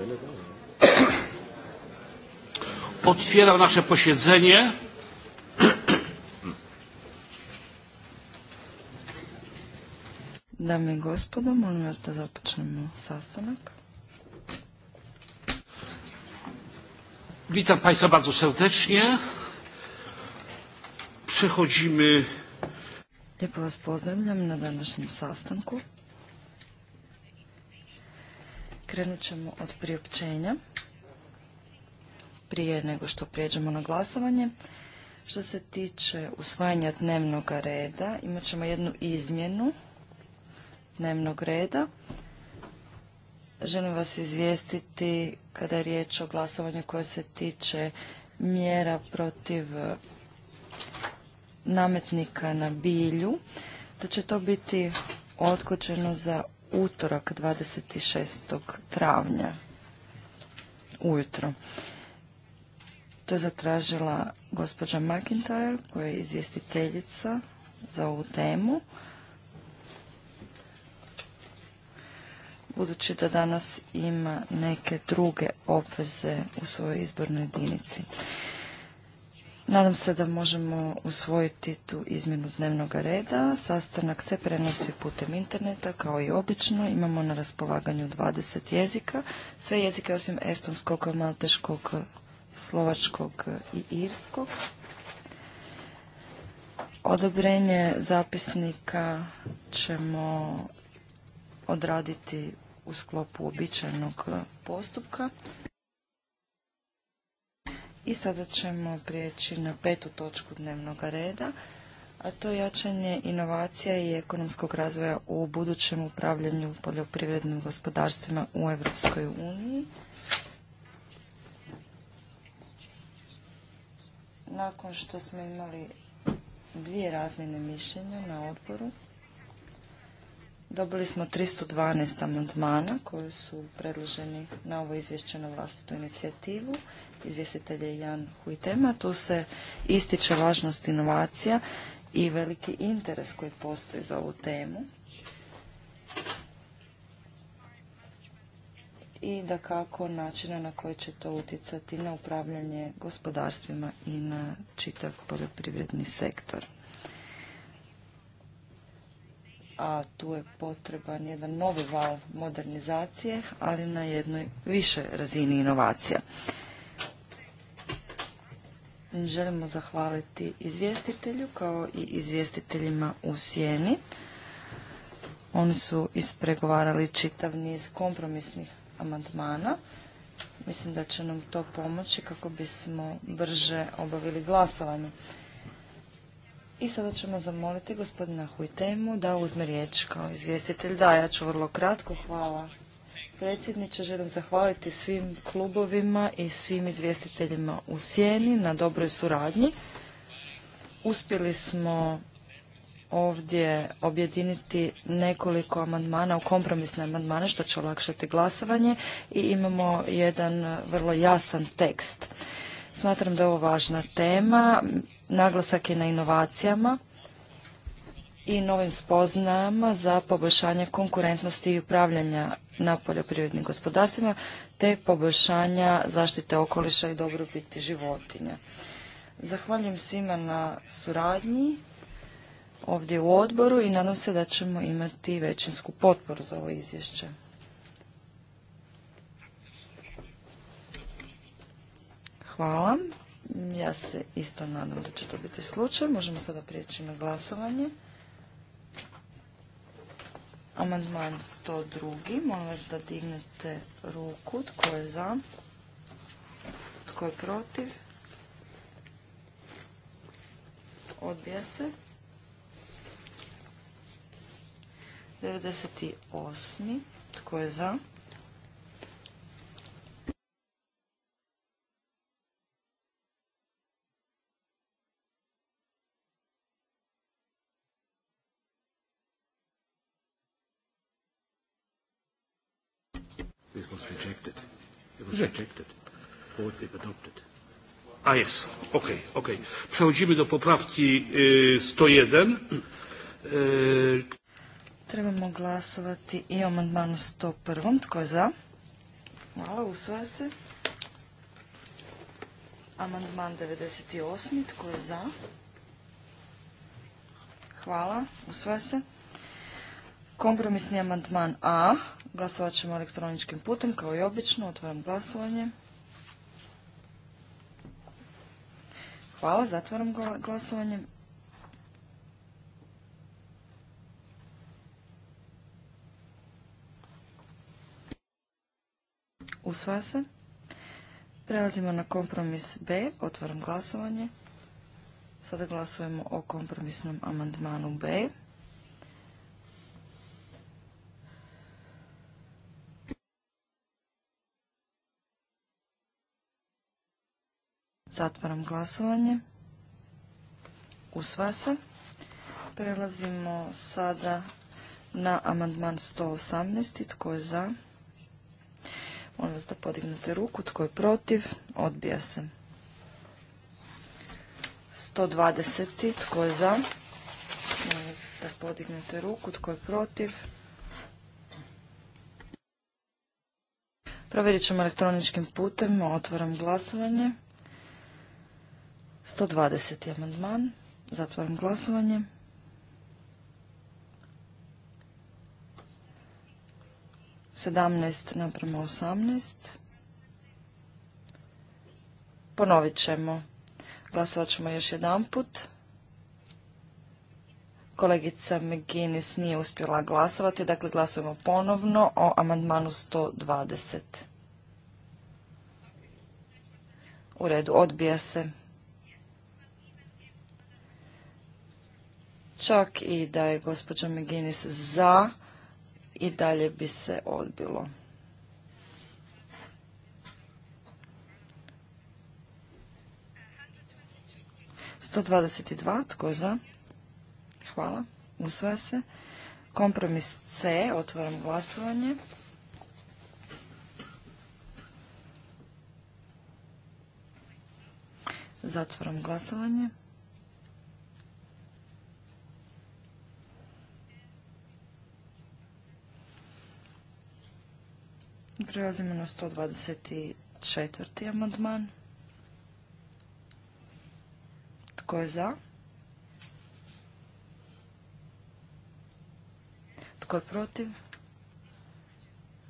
Otwieram nasze posiedzenie. Dame i gospodo, molim vas da započnemo sastanak. Witam Państwa bardzo serdecznie. Przechodzimy... Lijepo vas pozdravljam na današnjem sastanku. Krenut ćemo od priopćenja prije nego što prijeđemo na glasovanje. Što se tiče usvajanja dnevnog reda, imat ćemo jednu izmjenu dnevnog reda. Želim vas izvijestiti kada je riječ o glasovanju koje se tiče mjera protiv nametnika na bilju, da će to biti odgođeno za utorak 26. travnja ujutro. To je zatražila gospođa McIntyre koja je izvjestiteljica za ovu temu. Budući da danas ima neke druge obveze u svojoj izbornoj jedinici. Nadam se da možemo usvojiti tu izmjenu dnevnog reda. Sastanak se prenosi putem interneta, kao i obično. Imamo na raspolaganju 20 jezika. Sve jezike osim estonskog, malteškog, slovačkog i irskog. Odobrenje zapisnika ćemo odraditi u sklopu običajnog postupka. I sada ćemo prijeći na petu točku dnevnog reda, a to je jačanje inovacija i ekonomskog razvoja u budućem upravljanju poljoprivrednim gospodarstvima u Europskoj uniji. Nakon što smo imali dvije razmjene mišljenja na odboru, Dobili smo 312 amandmana koji su predloženi na ovo izvješće na vlastitu inicijativu. Izvjestitelj je Jan Huitema. Tu se ističe važnost inovacija i veliki interes koji postoji za ovu temu. I da kako načina na koji će to utjecati na upravljanje gospodarstvima i na čitav poljoprivredni sektor a tu je potreban jedan novi val modernizacije, ali na jednoj više razini inovacija. Želimo zahvaliti izvjestitelju kao i izvjestiteljima u Sjeni. Oni su ispregovarali čitav niz kompromisnih amandmana. Mislim da će nam to pomoći kako bismo brže obavili glasovanje. I sada ćemo zamoliti gospodina Hujtemu da uzme riječ kao izvjestitelj. Da, ja ću vrlo kratko. Hvala predsjedniče. Želim zahvaliti svim klubovima i svim izvjestiteljima u Sjeni na dobroj suradnji. Uspjeli smo ovdje objediniti nekoliko amandmana u kompromisne amandmane što će olakšati glasovanje i imamo jedan vrlo jasan tekst. Smatram da je ovo važna tema. Naglasak je na inovacijama i novim spoznajama za poboljšanje konkurentnosti i upravljanja na poljoprivrednim gospodarstvima te poboljšanja zaštite okoliša i dobrobiti životinja. Zahvaljujem svima na suradnji ovdje u odboru i nadam se da ćemo imati većinsku potporu za ovo izvješće. Hvala. Ja se isto nadam da će to biti slučaj. Možemo sada prijeći na glasovanje. Amandman 102. Molim vas da dignete ruku. Tko je za? Tko je protiv? Odbija se. 98. Tko je za? rejected. It was rejected. Votes if adopted. A ah, jest, okej, okay, okej. Okay. Przechodzimy do poprawki 101. Y... Trebamo glasovati i o amandmanu 101. Tko je za? Hvala, usvaja se. Amandman 98. Tko je za? Hvala, usvaja se. Kompromisni amandman A. Glasovat ćemo elektroničkim putem, kao i obično. Otvaram glasovanje. Hvala, zatvaram glasovanje. Usvaja se. Prelazimo na kompromis B. Otvaram glasovanje. Sada glasujemo o kompromisnom amandmanu B. Zatvaram glasovanje. Usva se. Prelazimo sada na amandman 118. Tko je za? Molim vas da podignete ruku. Tko je protiv? Odbija se. 120. Tko je za? Molim vas da podignete ruku. Tko je protiv? Provjerit ćemo elektroničkim putem. Otvaram glasovanje. 120. amandman. Zatvaram glasovanje. Sedamnaest naprema osamnaest. Ponovit ćemo. Glasovat ćemo još jedan put. Kolegica McGinnis nije uspjela glasovati, dakle glasujemo ponovno o amandmanu 120. U redu, odbija se. čak i da je gospođa McGinnis za i dalje bi se odbilo. Sto dvadeset dva tko za? Hvala. Usvaja se. Kompromis C. Otvaram glasovanje. Zatvaram glasovanje. Prelazimo na 124. amandman. Tko je za? Tko je protiv?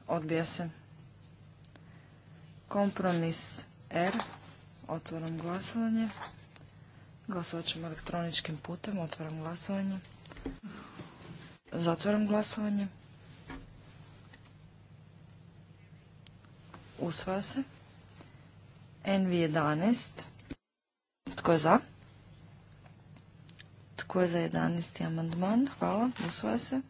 Odbija se. Kompromis R. Otvaram glasovanje. Glasovat ćemo elektroničkim putem. Otvaram glasovanje. Zatvaram glasovanje. Usvaja se. NV11. Tko je za? Tko je za 11. amandman? Hvala. Usvaja se.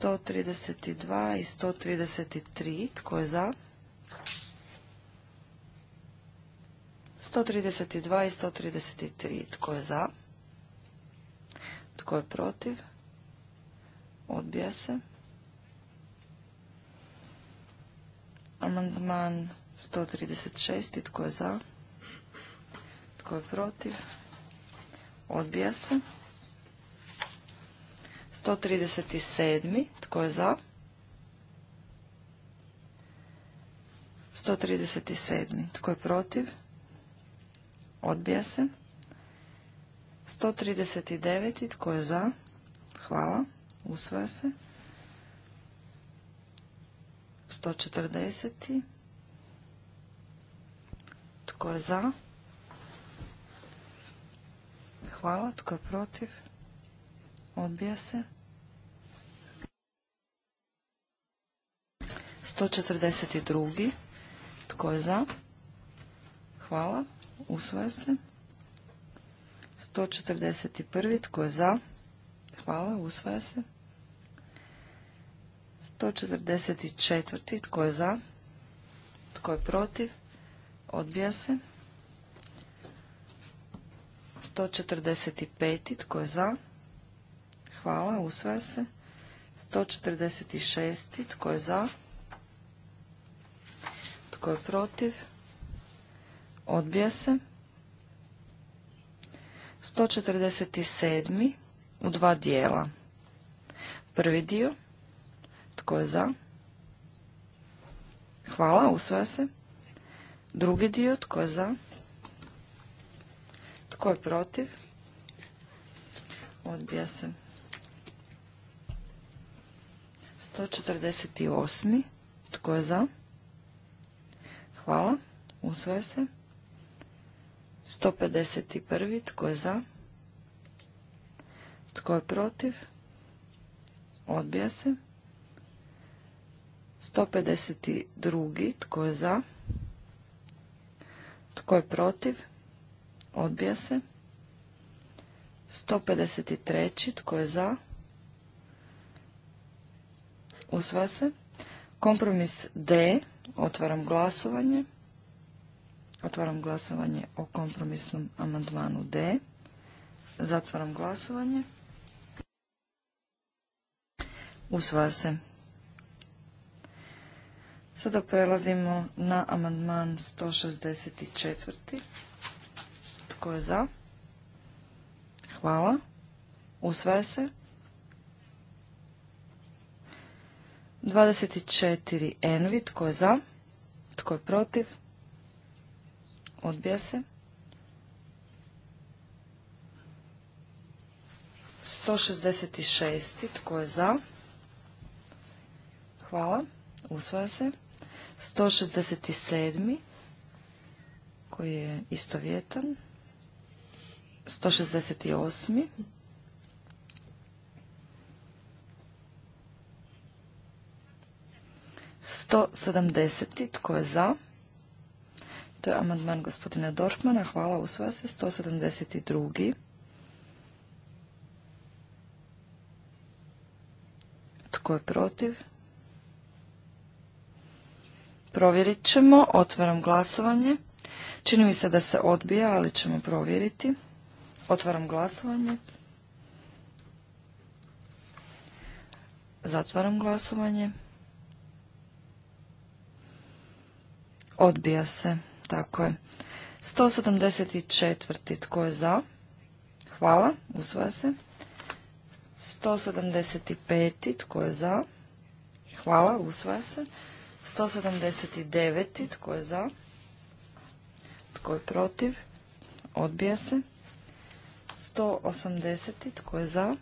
132 i 133. Tko je za? 132 i 133. Tko je za? Tko je protiv? Odbija se. Amandman 136. Tko je za? Tko je protiv? Odbija se. 137. Tko je za? 137. Tko je protiv? Odbija se. 139. Tko je za? Hvala. Usvaja se. 140. Tko je za? Hvala. Tko je protiv? Odbija se. 142. Tko je za? Hvala. Usvoja se. 141. Tko je za? Hvala. Usvaja se. 144. Tko je za? Tko je protiv? Odbija se. 145. Tko je za? Hvala. Usvaja se. 146. Tko je za? Tko je protiv? Odbija se. 147. U dva dijela. Prvi dio. Tko je za? Hvala, usvaja se. Drugi dio, tko je za? Tko je protiv? Odbija se. 148. Tko je za? Hvala. Usvaja se. 151. Tko je za? Tko je protiv? Odbija se. 152. Tko je za? Tko je protiv? Odbija se. 153. Tko je za? Usvaja se. Kompromis D. Otvaram glasovanje. Otvaram glasovanje o kompromisnom amandmanu D. Zatvaram glasovanje. Usvaja se. Sada prelazimo na amandman 164. Tko je za? Hvala. Usvaja se. 24 Envi. Tko je za? Tko je protiv? Odbija se. 166. Tko je za? Hvala. Usvaja se. 167. koji je istovjetan. 168. 170. tko je za? To je amandman gospodina Dorfmana, hvala, usvaja se. 172. 172. Tko je protiv? Provjerit ćemo. Otvaram glasovanje. Čini mi se da se odbija, ali ćemo provjeriti. Otvaram glasovanje. Zatvaram glasovanje. Odbija se. Tako je. 174. Tko je za? Hvala. Usvaja se. 175. Tko je za? Hvala. Usvaja se. 179. Tko je za? Tko je protiv? Odbija se. 180. Tko je za?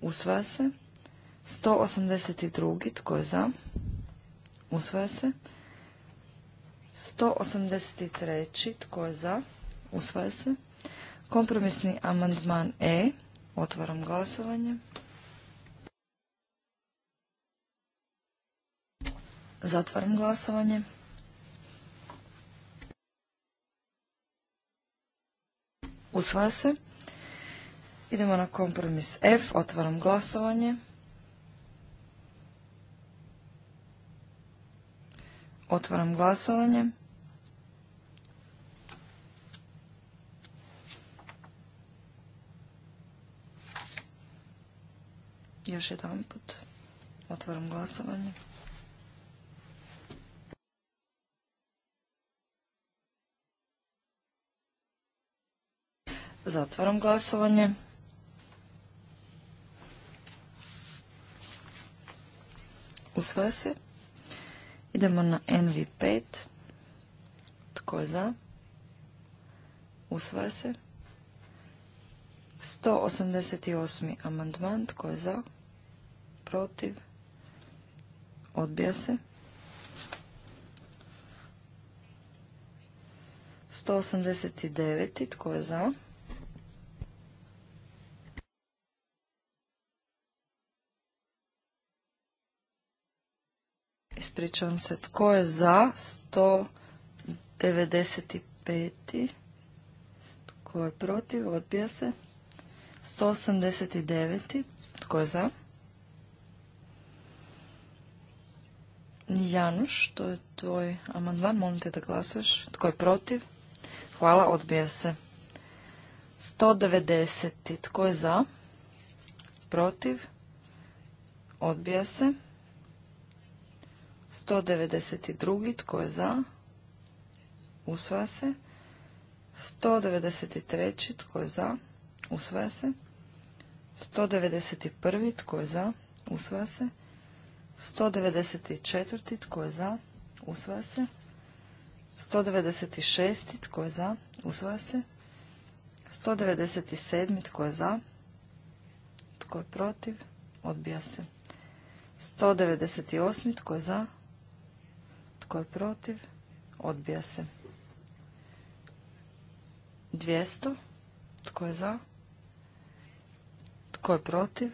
Usvaja se. 182. Tko je za? Usvaja se. 183. Tko je za? Usvaja se. Kompromisni amandman E. Otvaram glasovanje. Zatvaram glasovanje. Usvaja se. Idemo na kompromis F. Otvaram glasovanje. Otvaram glasovanje. Još jedan put. Otvaram glasovanje. Zatvaram glasovanje. Usvaja se. Idemo na NV5. Tko je za? Usvaja se. 188. amandman. Tko je za? Protiv? Odbija se. 189. Tko je za? ispričavam se. Tko je za? 195. Tko je protiv? Odbija se. 189. Tko je za? Januš, to je tvoj amandman. Molim te da glasuješ. Tko je protiv? Hvala, odbija se. 190. Tko je za? Protiv? Odbija se. 192. Tko je za? Usvaja se. 193. Tko je za? Usvaja se. 191. Tko je za? Usvaja se. 194. Tko je za? Usvaja se. 196. Tko je za? Usvaja se. 197. Tko je za? Tko je protiv? Odbija se. 198. Tko je za? Tko je protiv? Odbija se. 200. Tko je za? Tko je protiv?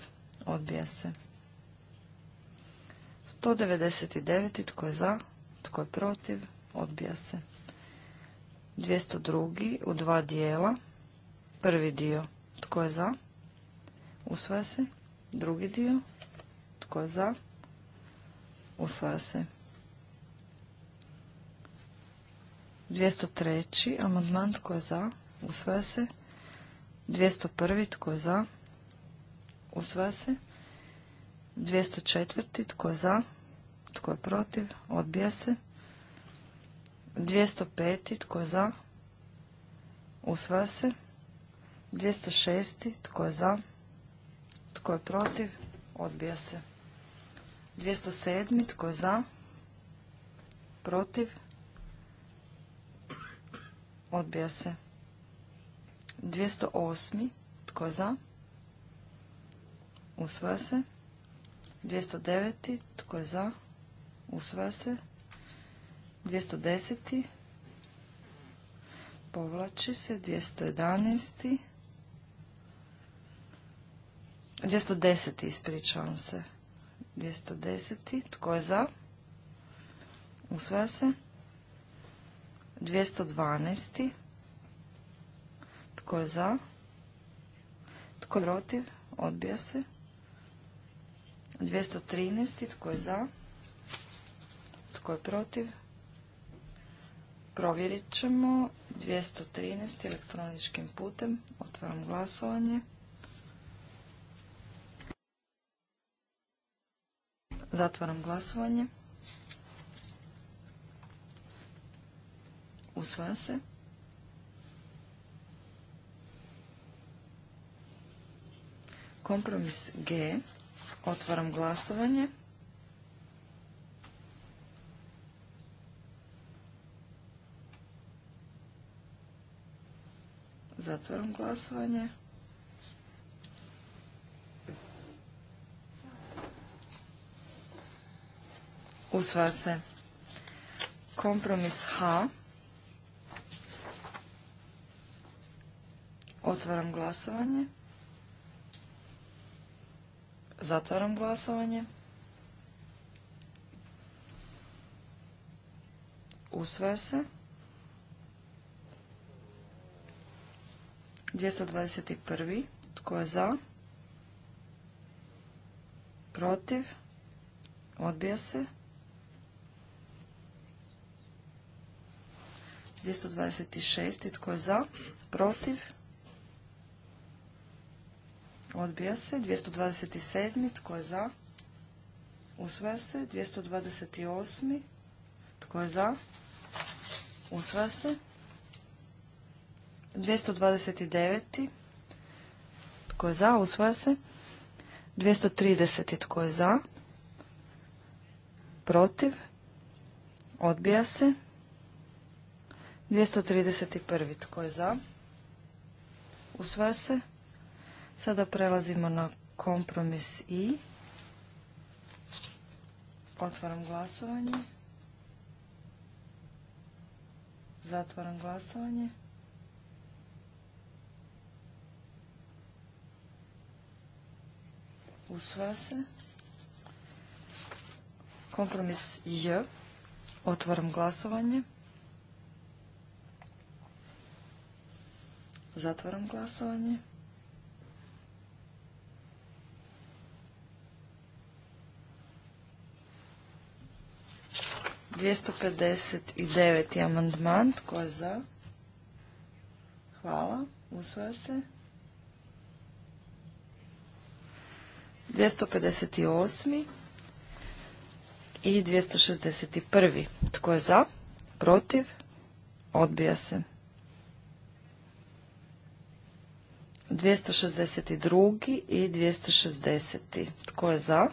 Odbija se. 199. Tko je za? Tko je protiv? Odbija se. 202. U dva dijela. Prvi dio. Tko je za? Usvaja se. Drugi dio. Tko je za? Usvaja se. 203. amandman tko je za? Usvaja se. 201. tko je za? Usvaja se. 204. tko je za? Tko je protiv? Odbija se. 205. tko je za? Usvaja se. 206. tko je za? Tko je protiv? Odbija se. 207. tko je za? Protiv? Odbija se. 208. Tko je za? Usvaja se. 209. Tko je za? Usvaja se. 210. Povlači se. 211. 210. Ispričavam se. 210. Tko je za? Usvaja se. 212. Tko je za? Tko je protiv? Odbija se. 213. Tko je za? Tko je protiv? Provjerit ćemo 213 elektroničkim putem. Otvaram glasovanje. Zatvaram glasovanje. usvaja se. Kompromis G, otvaram glasovanje. Zatvaram glasovanje. Usvaja se kompromis H. Otvaram glasovanje. Zatvaram glasovanje. Usvaja se. 221. Tko je za? Protiv? Odbija se. 226. Tko je za? Protiv? Odbija se. 227. Tko je za? Usvaja se. 228. Tko je za? Usvaja se. 229. Tko je za? Usvaja se. 230. Tko je za? Protiv? Odbija se. 231. Tko je za? Usvaja se. Sada prelazimo na kompromis i. Otvaram glasovanje. Zatvaram glasovanje. Usvaja se. Kompromis J. Otvaram glasovanje. Zatvaram glasovanje. 259. amandman. Tko je za? Hvala. usvoja se. 258. i 261. Tko je za? Protiv? Odbija se. 262. i 260. Tko je za?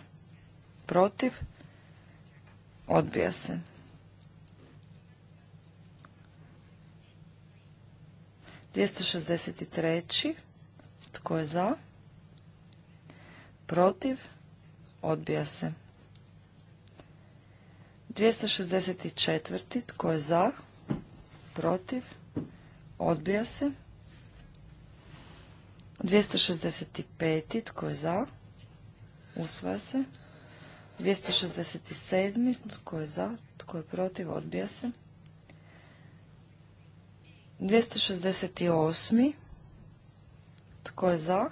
Protiv? Odbija se. 263. Tko je za? Protiv? Odbija se. 264. Tko je za? Protiv? Odbija se. 265. Tko je za? Usvaja se. 267. Tko je za? Tko je protiv? Odbija se. 268. Tko je za?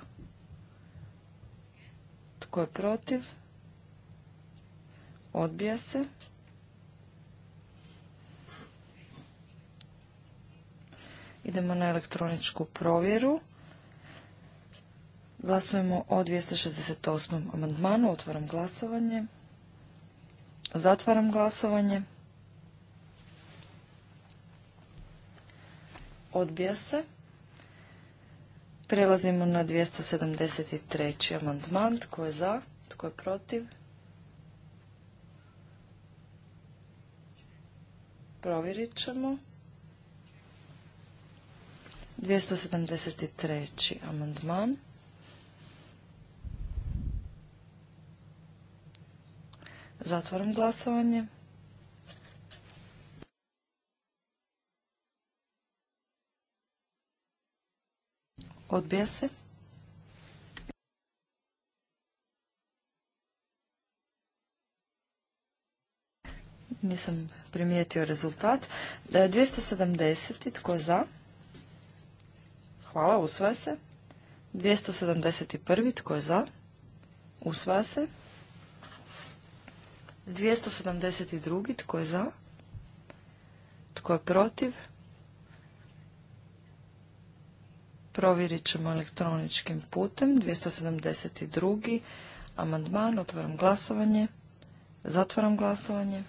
Tko je protiv? Odbija se. Idemo na elektroničku provjeru. Glasujemo o 268. amandmanu. Otvaram glasovanje. Zatvaram glasovanje. Odbija se. Prelazimo na 273. amandman. Tko je za? Tko je protiv? Provjerit ćemo. 273. amandman. Zatvaram glasovanje. Odbija se. Nisam primijetio rezultat. 270. E, tko za? Hvala, usvaja se. 271. Tko je za? Usvaja se. 272. Tko je za? Tko je protiv? Provjerit ćemo elektroničkim putem. 272. amandman. Otvaram glasovanje. Zatvaram glasovanje.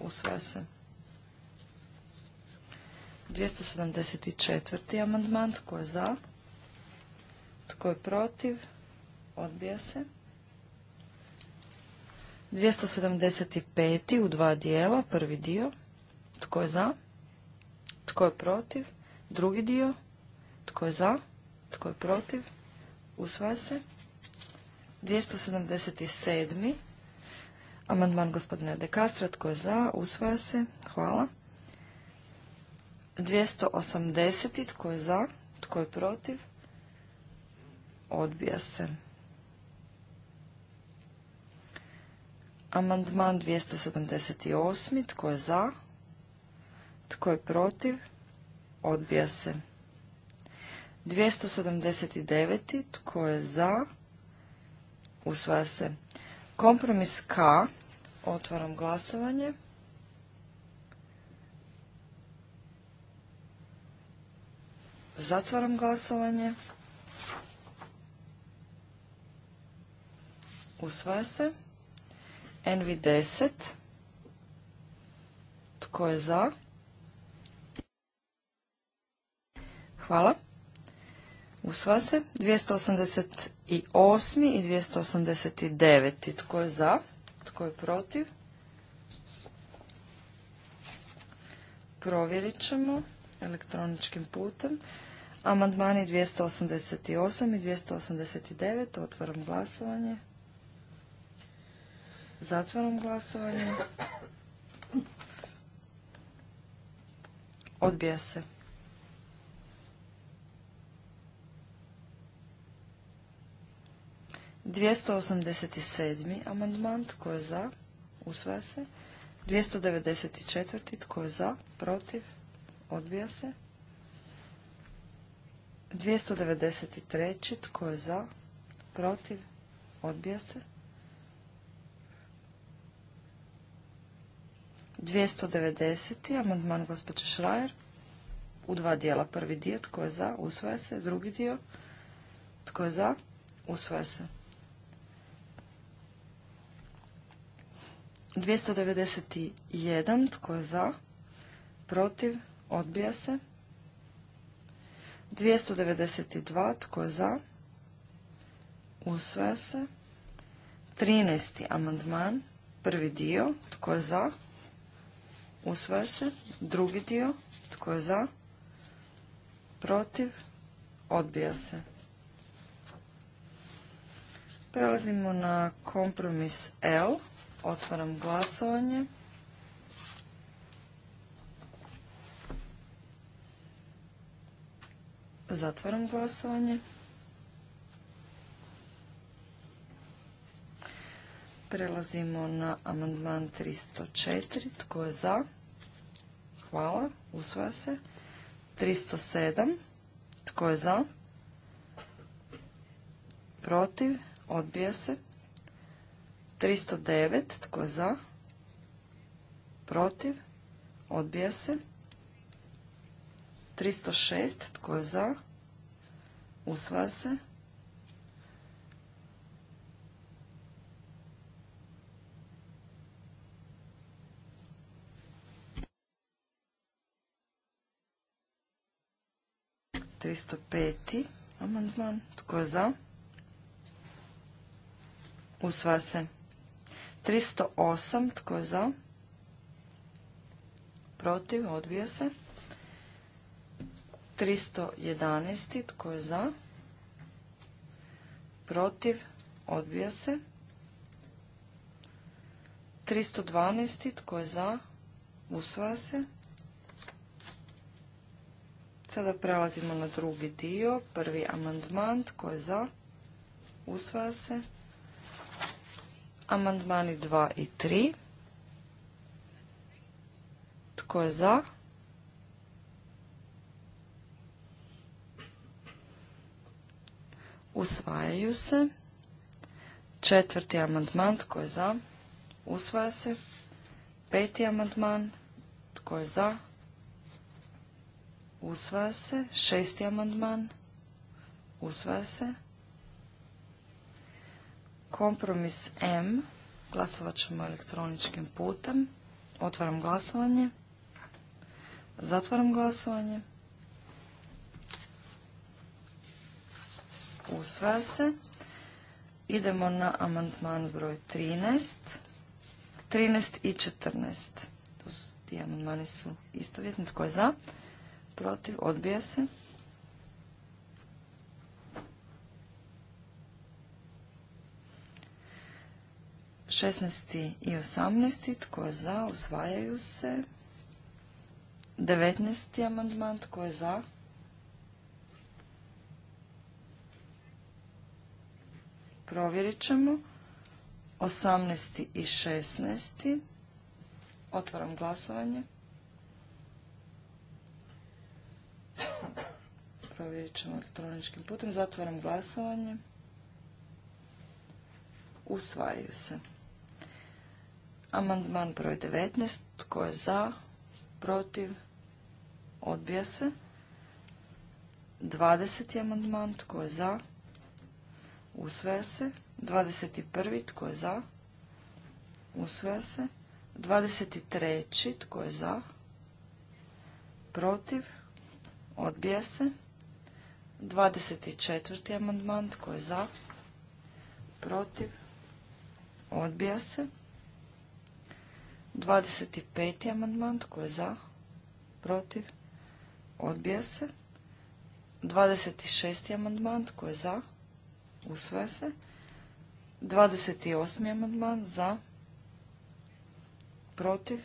Usvaja se. 274. amandman. Tko je za? Tko je protiv? Odbija se. 275. u dva dijela, prvi dio, tko je za, tko je protiv, drugi dio, tko je za, tko je protiv, usvaja se. 277. Amandman gospodina De Castra, tko je za, usvaja se, hvala. 280. tko je za, tko je protiv, odbija se. Amandman 278. Tko je za? Tko je protiv? Odbija se. 279. Tko je za? Usvaja se. Kompromis K. Otvaram glasovanje. Zatvaram glasovanje. Usvaja se. NV10. Tko je za? Hvala. Usva se. 288. i 289. Tko je za? Tko je protiv? Provjerit ćemo elektroničkim putem. Amandmani 288 i 289. Otvaram glasovanje. Zatvaram glasovanje. Odbija se. Dvijesto osamdeset sedam amandman tko je za? Usvaja se. 294. Tko je za? Protiv? Odbija se. 293. Tko je za? Protiv? Odbija se. 290. amandman gospođe Šrajer u dva dijela. Prvi dio tko je za, usvaja se. Drugi dio tko je za, usvaja se. 291. Tko je za? Protiv? Odbija se. 292. Tko je za? Usvaja se. 13. amandman. Prvi dio. Tko je za? Usvaja se. Drugi dio. Tko je za? Protiv? Odbija se. Prelazimo na kompromis L. Otvaram glasovanje. Zatvaram glasovanje. Prelazimo na amandman 304. Tko je za? Hvala. usvoja se. 307. Tko je za? Protiv. Odbija se. 309. Tko je za? Protiv. Odbija se. 306. Tko je za? Usvoja se. 305. amandman. Tko je za? usva se. 308. Tko je za? Protiv. Odbija se. 311. Tko je za? Protiv. Odbija se. 312. Tko je za? Usvaja se. Sada prelazimo na drugi dio, prvi amandman, tko je za? Usvaja se. Amandmani 2 i 3. Tko je za? Usvajaju se. Četvrti amandman, tko je za? Usvaja se. Peti amandman, tko je za? Usvaja se. Šesti amandman. Usvaja se. Kompromis M. Glasovat ćemo elektroničkim putem. Otvaram glasovanje. Zatvaram glasovanje. Usvaja se. Idemo na amandman broj 13. 13 i 14. ti amandmani su istovjetni. Tko je za? protiv, odbija se. Šestnesti i osamnesti, tko je za, usvajaju se. Devetnesti amandman, tko je za? Provjerit ćemo. Osamnesti i šestnesti. Otvaram glasovanje. Provjerit ćemo elektroničkim putem. Zatvaram glasovanje. Usvajaju se. Amandman broj 19. Tko je za? Protiv? Odbija se. 20. amandman. Tko je za? Usvaja se. 21. Tko je za? Usvaja se. 23. Tko je za? Protiv? Odbija se. 24. amandman. Tko je za? Protiv? Odbija se. 25. amandman. Tko je za? Protiv? Odbija se. 26. amandman. Tko je za? Usvaja se. 28. amandman. Za? Protiv?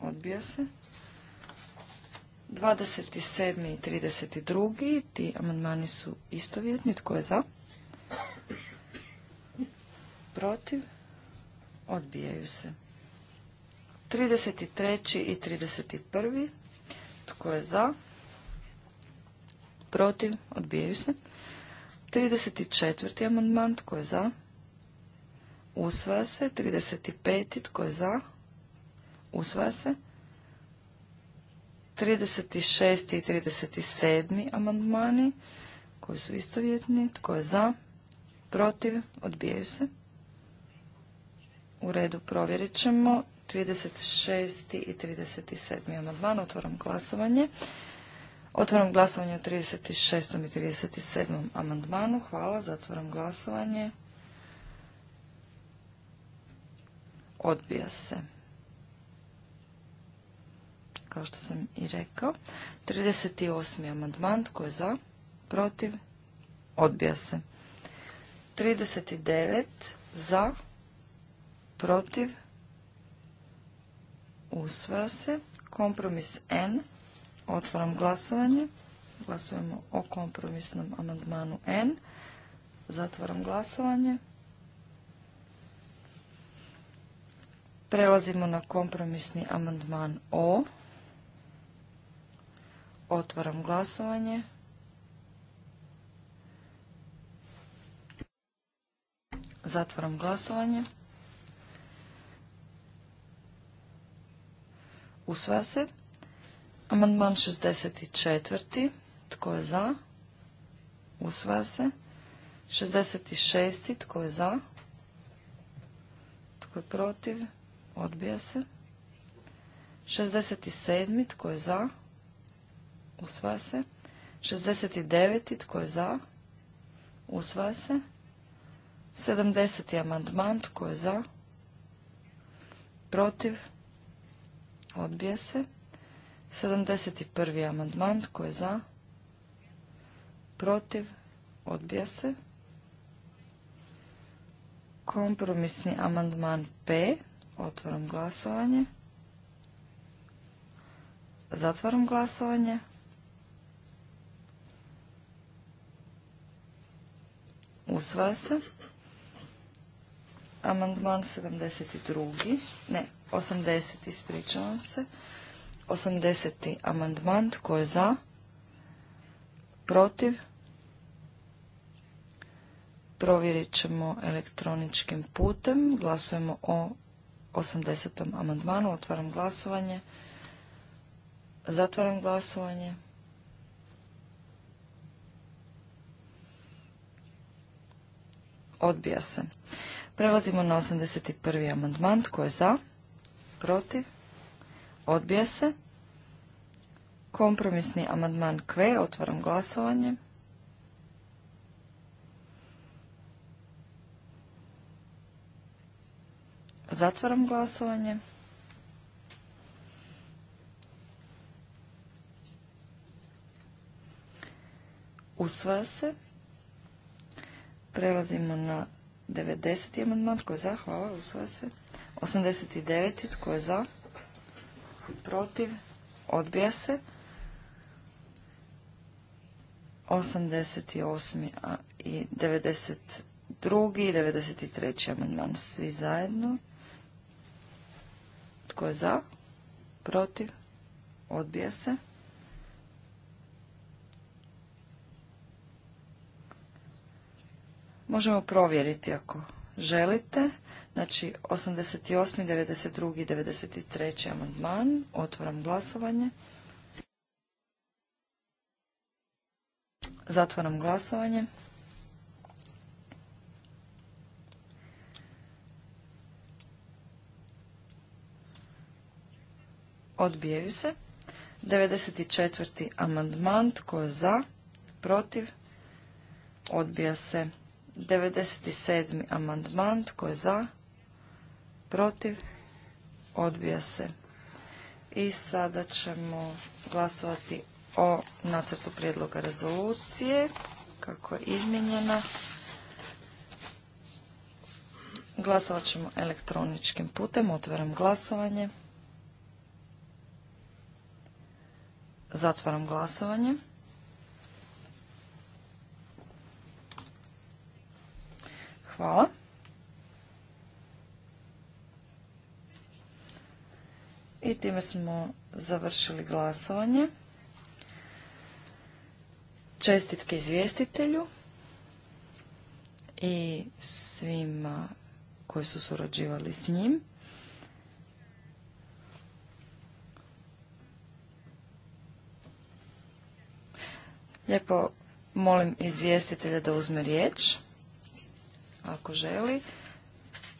Odbija se. 27. i 32. Ti amandmani su istovjetni. Tko je za? Protiv? Odbijaju se. 33. i 31. Tko je za? Protiv? Odbijaju se. 34. amandman. Tko je za? Usvaja se. 35. Tko je za? Usvaja se. 36. i 37. amandmani koji su istovjetni. Tko je za? Protiv? Odbijaju se. U redu provjerit ćemo. 36. i 37. amandman. Otvoram glasovanje. Otvoram glasovanje o 36. i 37. amandmanu. Hvala. zatvaram glasovanje. Odbija se kao što sam i rekao. 38. amandman, tko je za, protiv, odbija se. 39. za, protiv, usvaja se. Kompromis N, otvaram glasovanje. Glasujemo o kompromisnom amandmanu N. Zatvaram glasovanje. Prelazimo na kompromisni amandman O. Otvaram glasovanje. Zatvaram glasovanje. Usvaja se. Amandman 64. Tko je za? Usvaja se. 66. Tko je za? Tko je protiv? Odbija se. 67. Tko je za? Usvaja se. 69. Tko je za? Usvaja se. 70. amandman. Tko je za? Protiv? odbije se. 71. amandman. Tko je za? Protiv? Odbija se. Kompromisni amandman P. Otvaram glasovanje. Zatvaram glasovanje. Usvaja se. Amandman 72. Ne, 80. Ispričavam se. 80. amandman. Tko je za? Protiv? Provjerit ćemo elektroničkim putem. Glasujemo o 80. amandmanu. Otvaram glasovanje. Zatvaram glasovanje. Odbija se. Prelazimo na 81. amandman. Tko je za? Protiv? Odbija se. Kompromisni amandman Q. Otvaram glasovanje. Zatvaram glasovanje. Usvaja se. Prelazimo na 90. amandman. Tko je za? Hvala. Usvaja se. 89. Tko je za? Protiv? Odbija se. 88. i 92. i 93. amandman. Svi zajedno. Tko je za? Protiv? Odbija se. Možemo provjeriti ako želite. Znači 88, 92, 93 amandman. Otvaram glasovanje. Zatvaram glasovanje. Odbijaju se. 94. amandman. Tko je za? Protiv? Odbija se. 97. amandman, tko je za, protiv, odbija se. I sada ćemo glasovati o nacrtu prijedloga rezolucije, kako je izmijenjena. Glasovat ćemo elektroničkim putem, otvaram glasovanje. Zatvaram glasovanje. Hvala. I time smo završili glasovanje. Čestitke izvjestitelju i svima koji su surađivali s njim. Lijepo molim izvjestitelja da uzme riječ ako želi.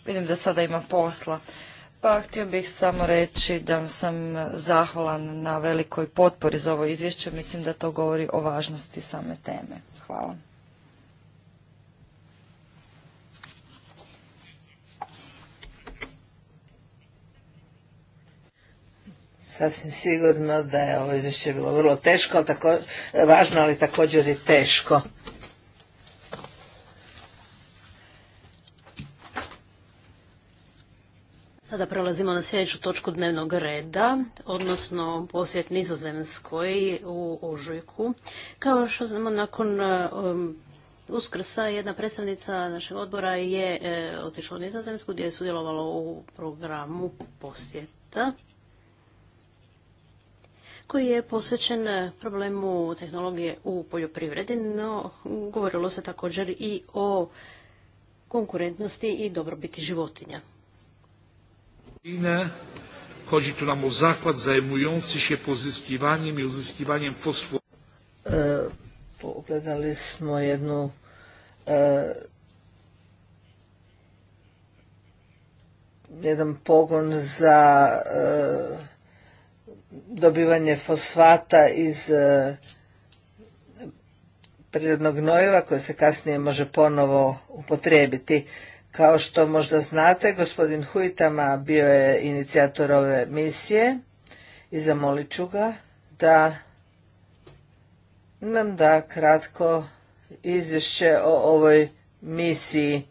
Vidim da sada ima posla. Pa htio bih samo reći da sam zahvalan na velikoj potpori za ovo izvješće. Mislim da to govori o važnosti same teme. Hvala. Sasvim sigurno da je ovo izvješće bilo vrlo teško, tako, važno, ali također i teško. Sada prelazimo na sljedeću točku dnevnog reda, odnosno posjet Nizozemskoj u Ožujku. Kao što znamo, nakon e, um, Uskrsa jedna predstavnica našeg odbora je e, otišla u Nizozemsku gdje je sudjelovala u programu posjeta koji je posvećen problemu tehnologije u poljoprivredi, no govorilo se također i o konkurentnosti i dobrobiti životinja. Chodzi tu nam o zakład zajmujący się pozyskiwaniem i uzyskiwaniem fosforu. E, jedną smo e, jedan pogon za e, dobivanje fosfata iz e, prirodnog gnojiva koje se kasnije može ponovo upotrijebiti. Kao što možda znate, gospodin Huitama bio je inicijator ove misije i zamolit ću ga da nam da kratko izvješće o ovoj misiji.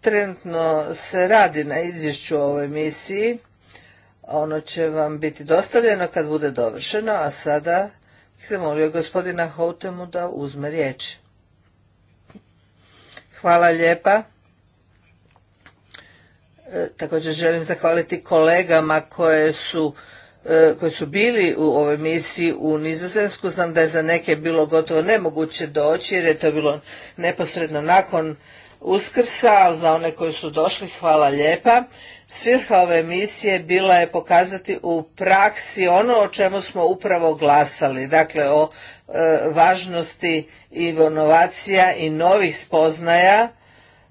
Trenutno se radi na izvješću o ovoj misiji. Ono će vam biti dostavljeno kad bude dovršeno, a sada bih zamolio gospodina Houtemu da uzme riječ. Hvala lijepa. E, također želim zahvaliti kolegama koje su e, koji su bili u ovoj misiji u Nizozemsku. Znam da je za neke bilo gotovo nemoguće doći jer je to bilo neposredno nakon Uskrsa, za one koji su došli hvala lijepa. Svrha ove emisije bila je pokazati u praksi ono o čemu smo upravo glasali, dakle o e, važnosti i inovacija i novih spoznaja.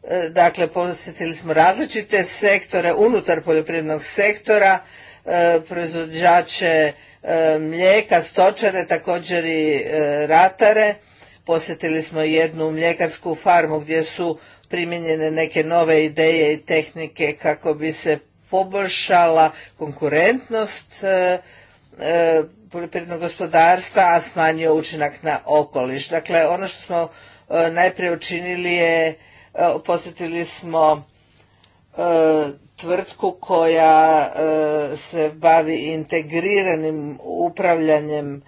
E, dakle, posjetili smo različite sektore unutar poljoprivrednog sektora, e, proizvođače e, mlijeka, stočare, također i ratare. Posjetili smo jednu mljekarsku farmu gdje su primijenjene neke nove ideje i tehnike kako bi se poboljšala konkurentnost e, e, poljoprivrednog gospodarstva, a smanjio učinak na okoliš. Dakle, ono što smo e, najprije učinili je, posjetili smo tvrtku koja se bavi integriranim upravljanjem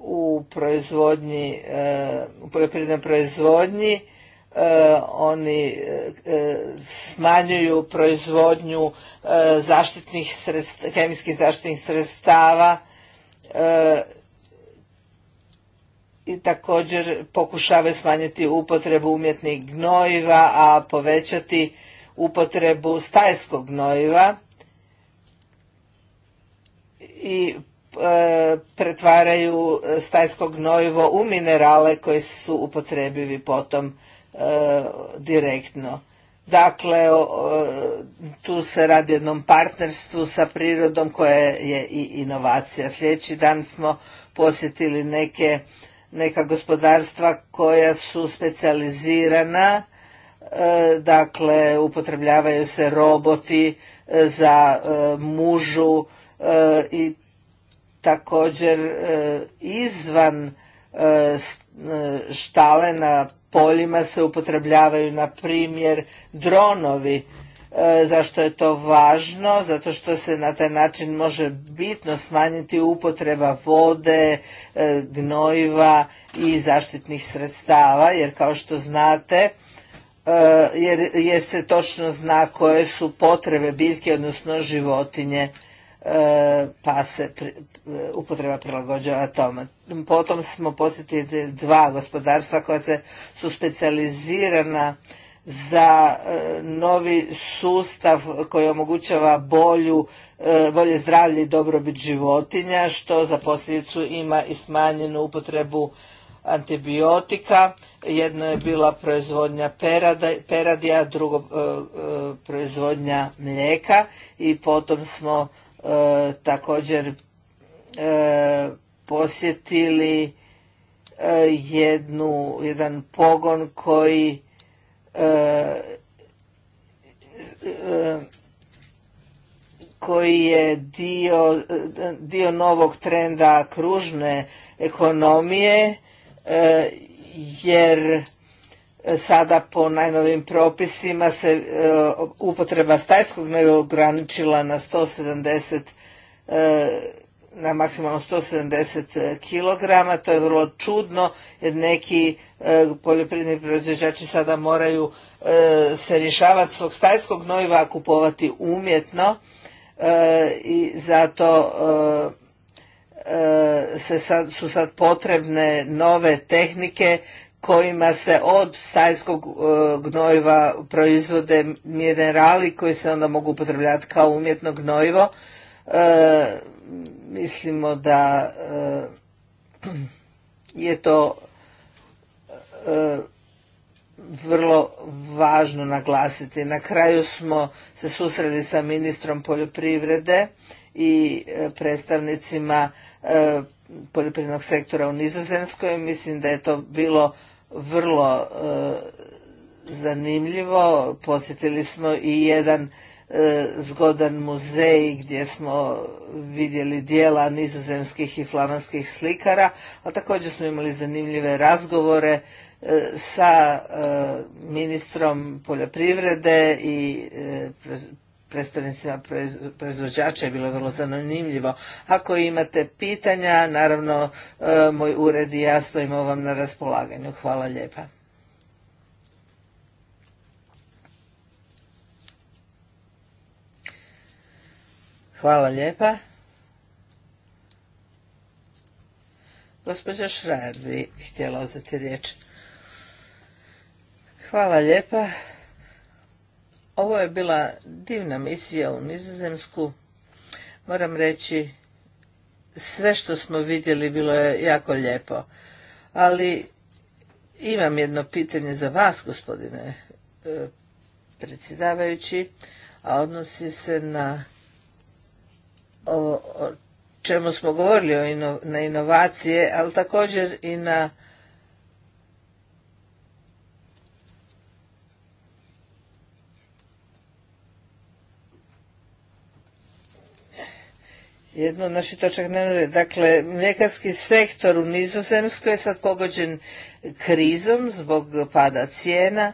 u proizvodnji, e, u poljoprivrednoj proizvodnji e, oni e, smanjuju proizvodnju zaštitnih sredstava, kemijskih zaštitnih sredstava i također pokušavaju smanjiti upotrebu umjetnih gnojiva, a povećati upotrebu stajskog gnojiva i E, pretvaraju stajsko gnojivo u minerale koji su upotrebivi potom e, direktno. Dakle, tu se radi o jednom partnerstvu sa prirodom koja je i inovacija. Sljedeći dan smo posjetili neke, neka gospodarstva koja su specijalizirana, e, dakle upotrebljavaju se roboti za mužu i također e, izvan e, e, štale na poljima se upotrebljavaju na primjer dronovi zašto je to važno zato što se na taj način može bitno smanjiti upotreba vode gnojiva i zaštitnih sredstava jer kao što znate jer, se točno zna koje su potrebe biljke odnosno životinje pa se E, upotreba prilagođava tome. Potom smo posjetili dva gospodarstva koja se, su specijalizirana za e, novi sustav koji omogućava bolju, e, bolje zdravlje i dobrobit životinja, što za posljedicu ima i smanjenu upotrebu antibiotika. Jedno je bila proizvodnja peradija, drugo proizvodnja mlijeka i potom smo također E, posjetili e, jednu, jedan pogon koji e, koji je dio, dio novog trenda kružne ekonomije jer sada po najnovim propisima se upotreba stajskog ne ograničila na 170 na maksimalno 170 e, kg. To je vrlo čudno jer neki e, poljoprivredni proizvođači sada moraju e, se rješavati svog stajskog gnojiva, kupovati umjetno i zato se sad, su sad potrebne nove tehnike kojima se od stajskog gnojiva proizvode minerali koji se onda mogu upotrebljati kao umjetno gnojivo mislimo da eh, je to eh, vrlo važno naglasiti. Na kraju smo se susreli sa ministrom poljoprivrede i eh, predstavnicima poljoprivrednog sektora u Nizozemskoj. Mislim da je to bilo vrlo zanimljivo. Posjetili smo i jedan E, zgodan muzej gdje smo vidjeli dijela nizozemskih i flamanskih slikara, a također smo imali zanimljive razgovore e, sa e, ministrom poljoprivrede i predstavnicima proizvođača je bilo vrlo zanimljivo. Ako imate pitanja, naravno moj ured i ja stojimo vam na raspolaganju. Hvala lijepa. Hvala lijepa. Gospođa Šrajer bi htjela uzeti riječ. Hvala lijepa. Ovo je bila divna misija u Nizozemsku. Moram reći, sve što smo vidjeli bilo je jako lijepo. Ali imam jedno pitanje za vas, gospodine e, predsjedavajući, a odnosi se na o, o čemu smo govorili o na inovacije, ali također i na jedno od naših točak ne Dakle, mljekarski sektor u Nizozemskoj je sad pogođen krizom zbog pada cijena.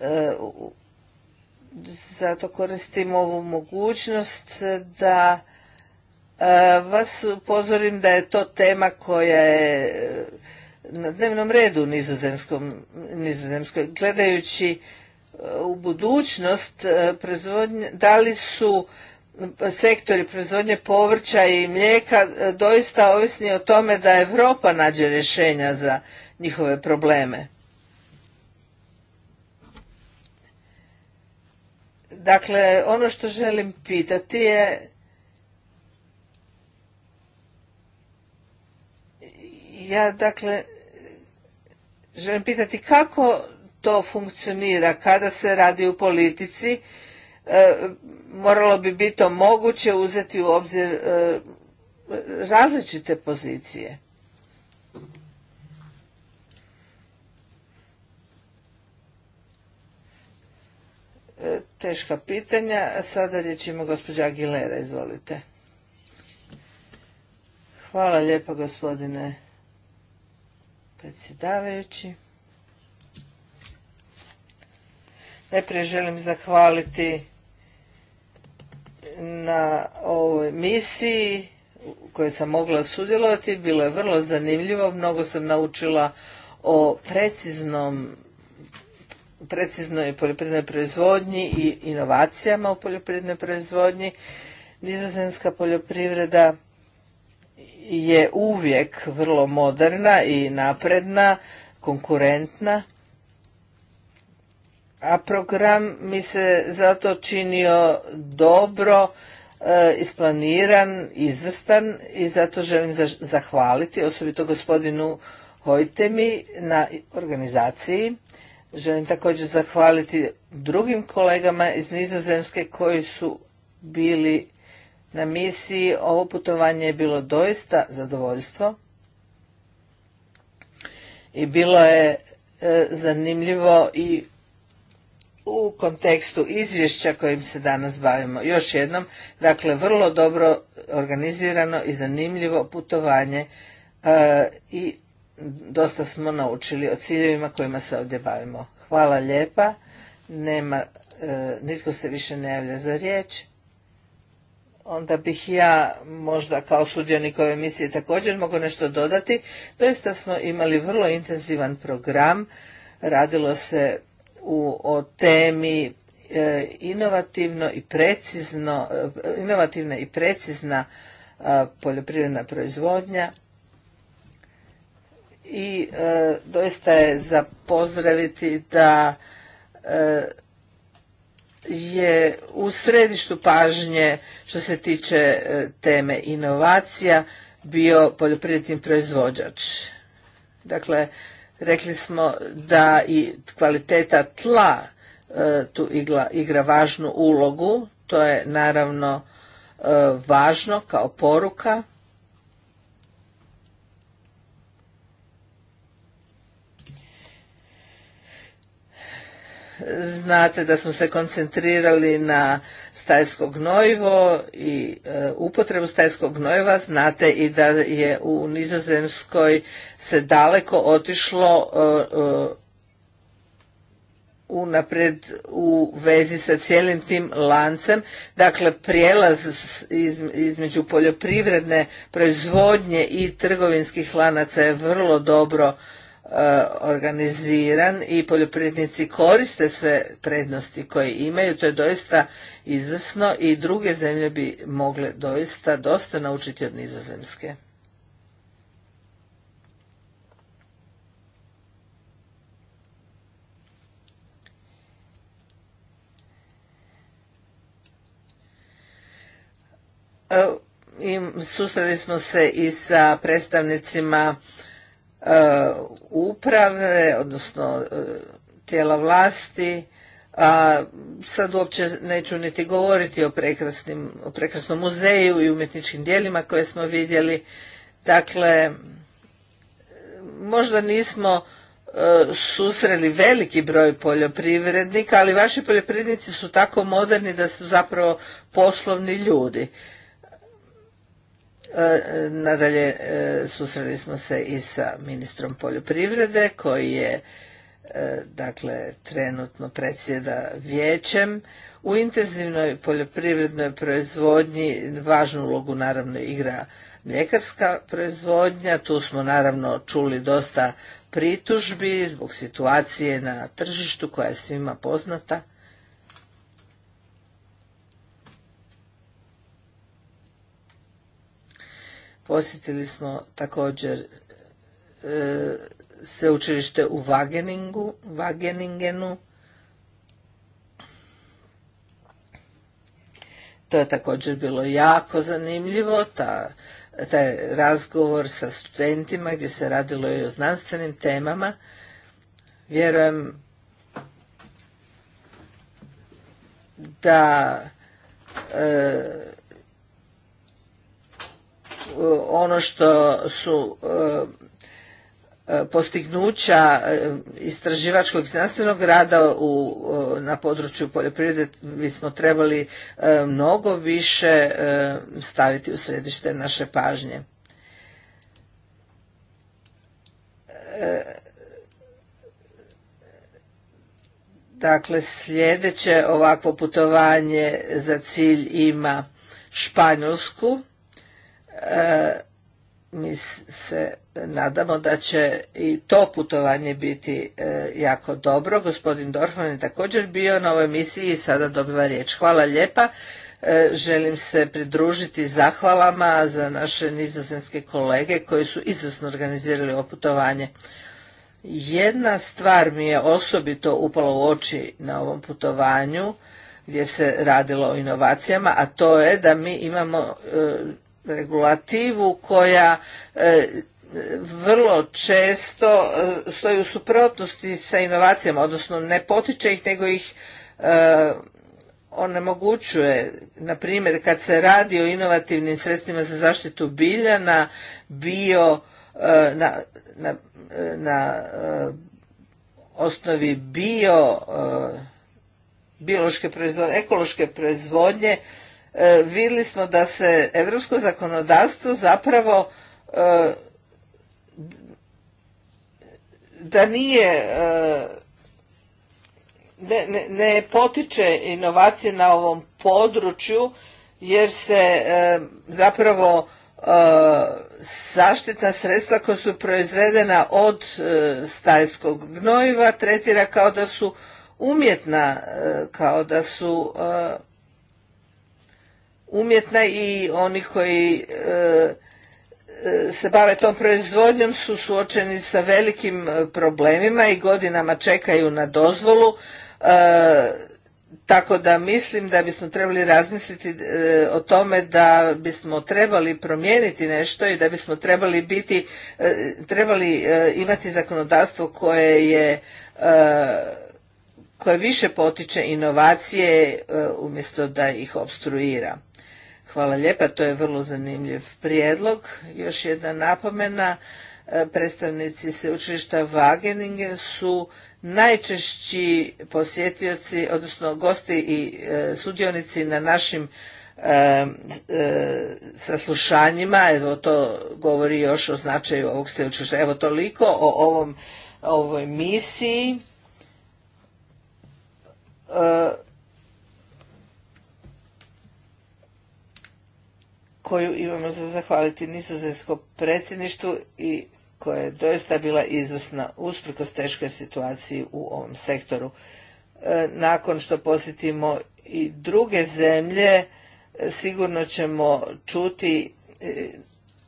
E, zato koristimo ovu mogućnost da vas upozorim da je to tema koja je na dnevnom redu nizozemskoj. Gledajući e, u budućnost, e, da li su sektori proizvodnje povrća i mlijeka e, doista ovisni o tome da Europa nađe rješenja za njihove probleme. Dakle, ono što želim pitati je Ja dakle želim pitati kako to funkcionira kada se radi u politici. E, moralo bi biti moguće uzeti u obzir e, različite pozicije. E, teška pitanja. Sada riječ ima gospođa Aguilera. Izvolite. Hvala lijepa gospodine predsjedavajući. Najprije želim zahvaliti na ovoj misiji u kojoj sam mogla sudjelovati. Bilo je vrlo zanimljivo, mnogo sam naučila o preciznom preciznoj poljoprivrednoj proizvodnji i inovacijama u poljoprivrednoj proizvodnji. Nizozemska poljoprivreda je uvijek vrlo moderna i napredna, konkurentna, a program mi se zato činio dobro, e, isplaniran, izvrstan i zato želim zahvaliti osobito gospodinu Hojtemi na organizaciji. Želim također zahvaliti drugim kolegama iz Nizozemske koji su bili na misiji. Ovo putovanje je bilo doista zadovoljstvo i bilo je e, zanimljivo i u kontekstu izvješća kojim se danas bavimo. Još jednom, dakle, vrlo dobro organizirano i zanimljivo putovanje e, i dosta smo naučili o ciljevima kojima se ovdje bavimo. Hvala lijepa. Nema, e, nitko se više ne javlja za riječ onda bih ja možda kao sudionik ove misije također mogu nešto dodati. Doista smo imali vrlo intenzivan program, radilo se u, o temi e, inovativno i precizno, e, inovativna i precizna e, poljoprivredna proizvodnja i doista je za pozdraviti da je u središtu pažnje što se tiče e, teme inovacija bio poljoprivredni proizvođač. Dakle, rekli smo da i kvaliteta tla e, tu igra važnu ulogu, to je naravno e, važno kao poruka Znate da smo se koncentrirali na stajsko gnojivo i e, upotrebu stajskog gnojiva. Znate i da je u Nizozemskoj se daleko otišlo e, e, u vezi sa cijelim tim lancem. Dakle, prijelaz između poljoprivredne proizvodnje i trgovinskih lanaca je vrlo dobro E, organiziran i poljoprivrednici koriste sve prednosti koje imaju, to je doista izvrsno i druge zemlje bi mogle doista dosta naučiti od nizozemske. E, susreli smo se i sa predstavnicima E, uprave, odnosno e, tijela vlasti, a sad uopće neću niti govoriti o, o prekrasnom muzeju i umjetničkim dijelima koje smo vidjeli. Dakle, možda nismo e, susreli veliki broj poljoprivrednika, ali vaši poljoprivrednici su tako moderni da su zapravo poslovni ljudi. E, nadalje e, susreli smo se i sa ministrom poljoprivrede koji je e, dakle trenutno predsjeda vijećem. U intenzivnoj poljoprivrednoj proizvodnji važnu ulogu naravno igra mljekarska proizvodnja. Tu smo naravno čuli dosta pritužbi zbog situacije na tržištu koja je svima poznata. Posjetili smo također e, sveučilište u Wageningu, Wageningenu. To je također bilo jako zanimljivo, ta, taj razgovor sa studentima gdje se radilo i o znanstvenim temama. Vjerujem da e, ono što su e, e, postignuća e, istraživačkog i znanstvenog rada na području poljoprivrede bismo trebali mnogo više staviti u središte naše pažnje. Dakle, sljedeće ovakvo putovanje za cilj ima Španjolsku mi se nadamo da će i to putovanje biti e, jako dobro. Gospodin Dorfman je također bio na ovoj misiji i sada dobiva riječ. Hvala lijepa. E, želim se pridružiti zahvalama za naše nizozemske kolege koji su izvrsno organizirali ovo putovanje. Jedna stvar mi je osobito upala u oči na ovom putovanju gdje se radilo o inovacijama, a to je da mi imamo e, regulativu koja e, vrlo često e, stoji u suprotnosti sa inovacijama, odnosno ne potiče ih, nego ih e, onemogućuje. Na primjer, kad se radi o inovativnim sredstvima za zaštitu bilja na bio, na, osnovi bio biološke proizvodnje, ekološke proizvodnje, E, vidjeli smo da se europsko zakonodavstvo zapravo e, da nije e, ne, ne potiče inovacije na ovom području jer se zapravo zaštitna sredstva koja su proizvedena od stajskog gnojiva tretira kao da su umjetna, kao da su umjetna i oni koji e, e, se bave tom proizvodnjom su suočeni sa velikim e, problemima i godinama čekaju na dozvolu tako da mislim da bismo trebali razmisliti o tome da bismo trebali promijeniti nešto i da bismo trebali biti trebali imati zakonodavstvo koje je koje više potiče inovacije umjesto da ih obstruira. Hvala lijepa, to je vrlo zanimljiv prijedlog. Još jedna napomena, e, predstavnici sveučilišta Vageninge su najčešći posjetioci, odnosno gosti i e, sudionici na našim e, saslušanjima, evo to govori još o značaju ovog sveučilišta. Evo toliko o ovom, ovoj misiji. koju imamo za zahvaliti nizozemskom predsjedništvu i koja je doista bila izvrsna usprkos teškoj situaciji u ovom sektoru. E, nakon što posjetimo i druge zemlje, e, sigurno ćemo čuti e,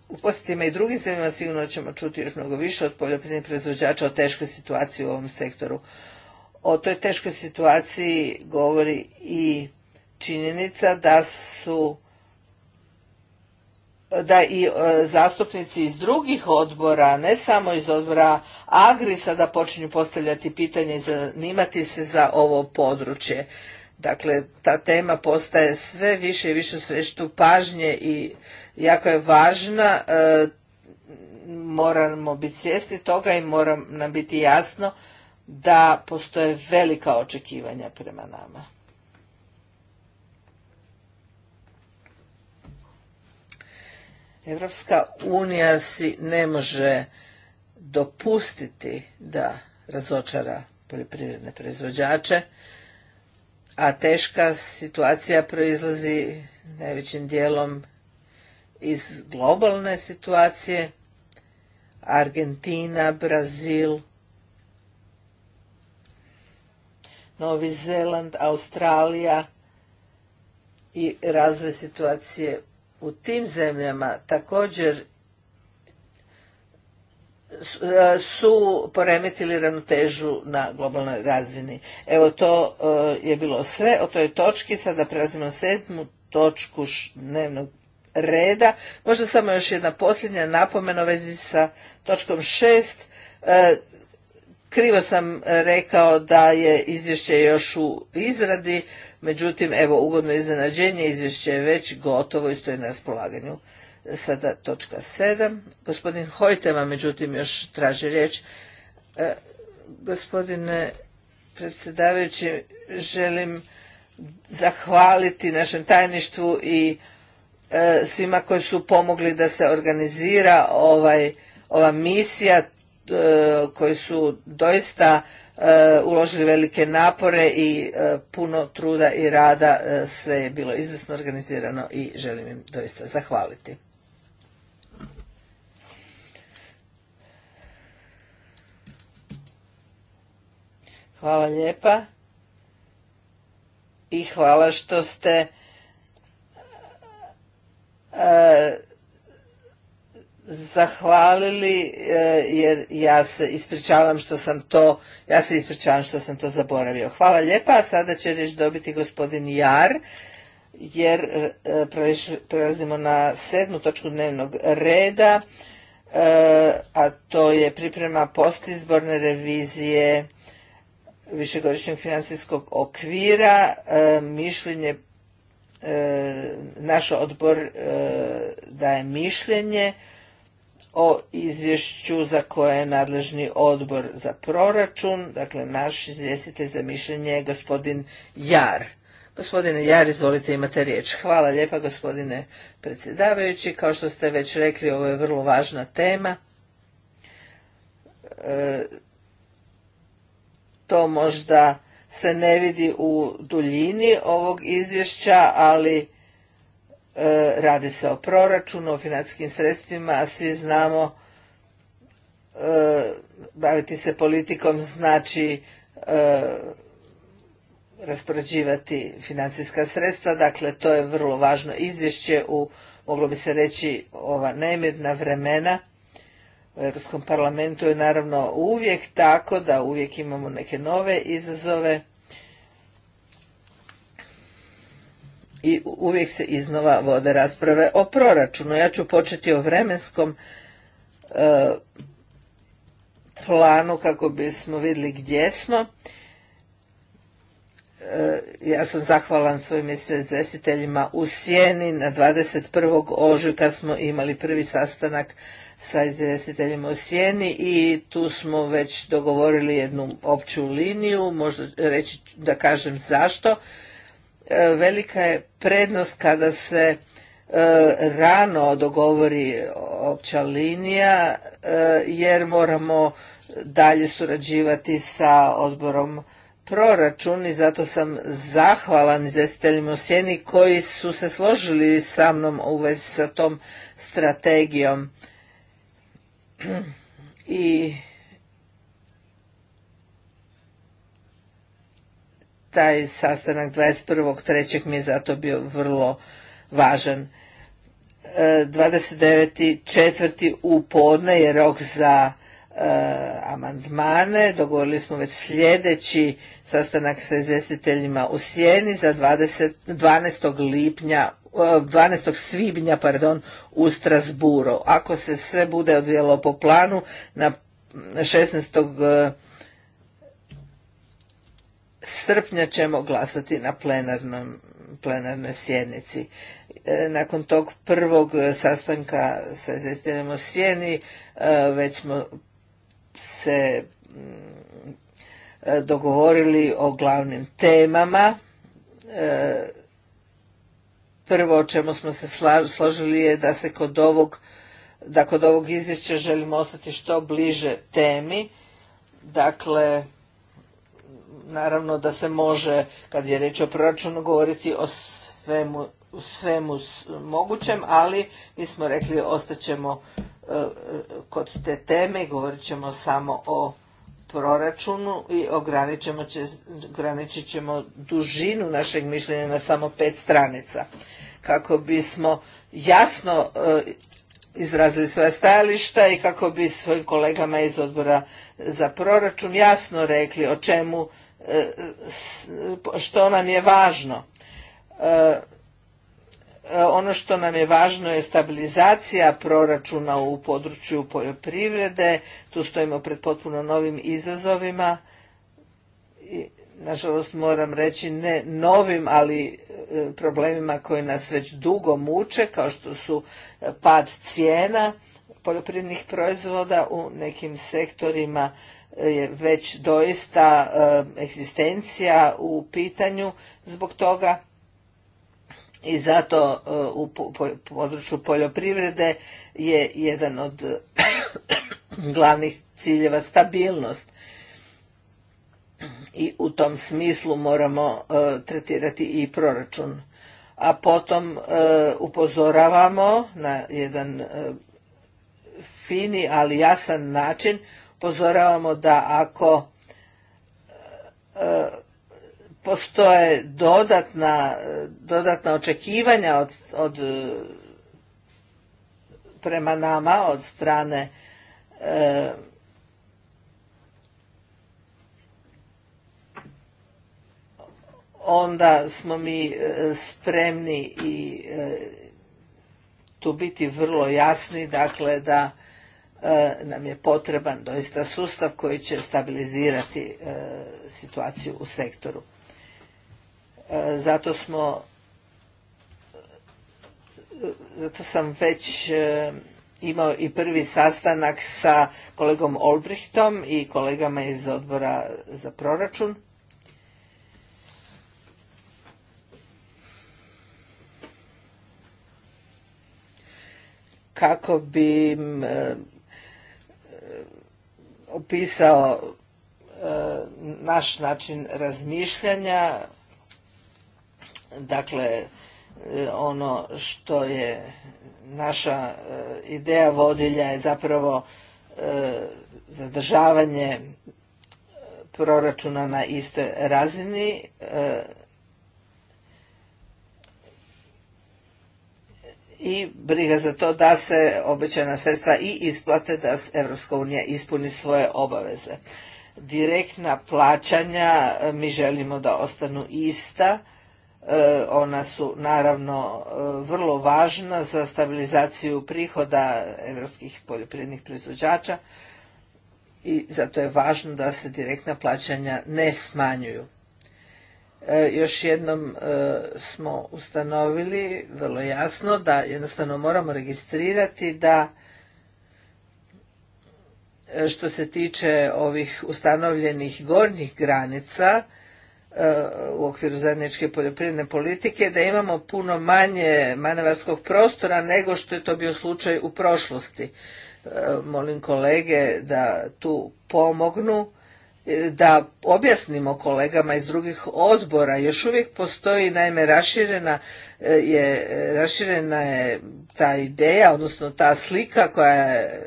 u posjetima i drugim zemljama sigurno ćemo čuti još mnogo više od poljoprivrednih proizvođača o teškoj situaciji u ovom sektoru. O toj teškoj situaciji govori i činjenica da su da i e, zastupnici iz drugih odbora, ne samo iz odbora Agri, sada počinju postavljati pitanje i zanimati se za ovo područje. Dakle, ta tema postaje sve više i više u pažnje i jako je važna. E, moramo biti svjesni toga i mora nam biti jasno da postoje velika očekivanja prema nama. Evropska unija si ne može dopustiti da razočara poljoprivredne proizvođače, a teška situacija proizlazi najvećim dijelom iz globalne situacije. Argentina, Brazil, Novi Zeland, Australija i razve situacije u tim zemljama također su e, poremetili ravnotežu na globalnoj razini. Evo to e, je bilo sve o toj točki, sada prelazimo na sedmu točku dnevnog reda. Možda samo još jedna posljednja napomena u vezi sa točkom šest. E, krivo sam rekao da je izvješće još u izradi. Međutim, evo ugodno iznenađenje, izvješće je već gotovo i stoji na raspolaganju. Sada točka sedam. Gospodin Hojtema, međutim, još traži riječ. E, gospodine predsjedavajući, želim zahvaliti našem tajništvu i e, svima koji su pomogli da se organizira ovaj, ova misija e, koji su doista E, uložili velike napore i e, puno truda i rada. E, sve je bilo izvrsno organizirano i želim im doista zahvaliti. Hvala lijepa i hvala što ste zahvalili e, jer ja se ispričavam što sam to ja se ispričavam što sam to zaboravio. Hvala lijepa, a sada će riječ dobiti gospodin Jar jer e, prelazimo na sedmu točku dnevnog reda e, a to je priprema postizborne revizije višegodišnjeg financijskog okvira mišljenje naš odbor daje mišljenje o izvješću za koje je nadležni odbor za proračun, dakle naš izvjestitelj za mišljenje je gospodin Jar. Gospodine Jar, izvolite, imate riječ. Hvala lijepa gospodine predsjedavajući. Kao što ste već rekli, ovo je vrlo važna tema. E, to možda se ne vidi u duljini ovog izvješća, ali E, radi se o proračunu, o financijskim sredstvima, a svi znamo e, baviti se politikom znači e, raspoređivati financijska sredstva, dakle to je vrlo važno izvješće u, moglo bi se reći, ova nemirna vremena u Europskom parlamentu je naravno uvijek tako da uvijek imamo neke nove izazove i uvijek se iznova vode rasprave o proračunu. Ja ću početi o vremenskom e, planu kako bismo vidjeli gdje smo. E, ja sam zahvalan svojim izvestiteljima u Sjeni. Na 21. ožujka smo imali prvi sastanak sa izvjestiteljima u Sjeni i tu smo već dogovorili jednu opću liniju, možda reći da kažem zašto E, velika je prednost kada se e, rano dogovori opća linija e, jer moramo dalje surađivati sa odborom proračun i zato sam zahvalan izvjestiteljima u sjeni koji su se složili sa mnom u vezi sa tom strategijom. I taj sastanak 21.3. mi je zato bio vrlo važan. 29.4. E, u podne je rok za e, amandmane. Dogovorili smo već sljedeći sastanak sa izvestiteljima u Sjeni za 20, 12. lipnja 12. E, svibnja pardon, u Strasburu. Ako se sve bude odvijalo po planu, na 16 srpnja ćemo glasati na plenarnom, plenarnoj sjednici. E, nakon tog prvog sastanka sa izvjestiteljem o sjeni e, već smo se mm, e, dogovorili o glavnim temama. prvo o čemu smo se složili je da se kod ovog da kod ovog izvješća želimo ostati što bliže temi. Dakle, naravno da se može, kad je reč o proračunu, govoriti o svemu, svemu mogućem, ali mi smo rekli ostaćemo e, kod te teme i govorit ćemo samo o proračunu i ograničit ćemo dužinu našeg mišljenja na samo pet stranica kako bismo jasno e, izrazili svoje stajališta i kako bi svojim kolegama iz odbora za proračun jasno rekli o čemu E, što nam je važno. E, e, ono što nam je važno je stabilizacija proračuna u području poljoprivrede, tu stojimo pred potpuno novim izazovima i nažalost moram reći ne novim, ali problemima koji nas već dugo muče, kao što su pad cijena poljoprivrednih proizvoda u nekim sektorima je već doista e, egzistencija u pitanju zbog toga i zato e, u području poljoprivrede je jedan od glavnih ciljeva stabilnost i u tom smislu moramo e, tretirati i proračun a potom upozoravamo na jedan fini ali jasan način upozoravamo da ako e, e, postoje dodatna, dodatna očekivanja od, od prema nama od strane e, onda smo mi spremni i tu biti vrlo jasni dakle da E, nam je potreban doista sustav koji će stabilizirati e, situaciju u sektoru. E, zato smo zato sam već imao i prvi sastanak sa kolegom Olbrichtom i kolegama iz odbora za proračun. Kako bi opisao e, naš način razmišljanja, dakle e, ono što je naša e, ideja vodilja je zapravo zadržavanje proračuna na istoj razini i briga za to da se obećana sredstva i isplate da Evropska unija ispuni svoje obaveze. Direktna plaćanja mi želimo da ostanu ista. E, ona su naravno e, vrlo važna za stabilizaciju prihoda evropskih poljoprivrednih proizvođača i zato je važno da se direktna plaćanja ne smanjuju. E, još jednom e, smo ustanovili vrlo jasno da jednostavno moramo registrirati da e, što se tiče ovih ustanovljenih gornjih granica u okviru zajedničke poljoprivredne politike da imamo puno manje manevarskog prostora nego što je to bio slučaj u prošlosti. Molim kolege da tu pomognu E, da objasnimo kolegama iz drugih odbora, još uvijek postoji naime raširena e, je, raširena je ta ideja, odnosno ta slika koja je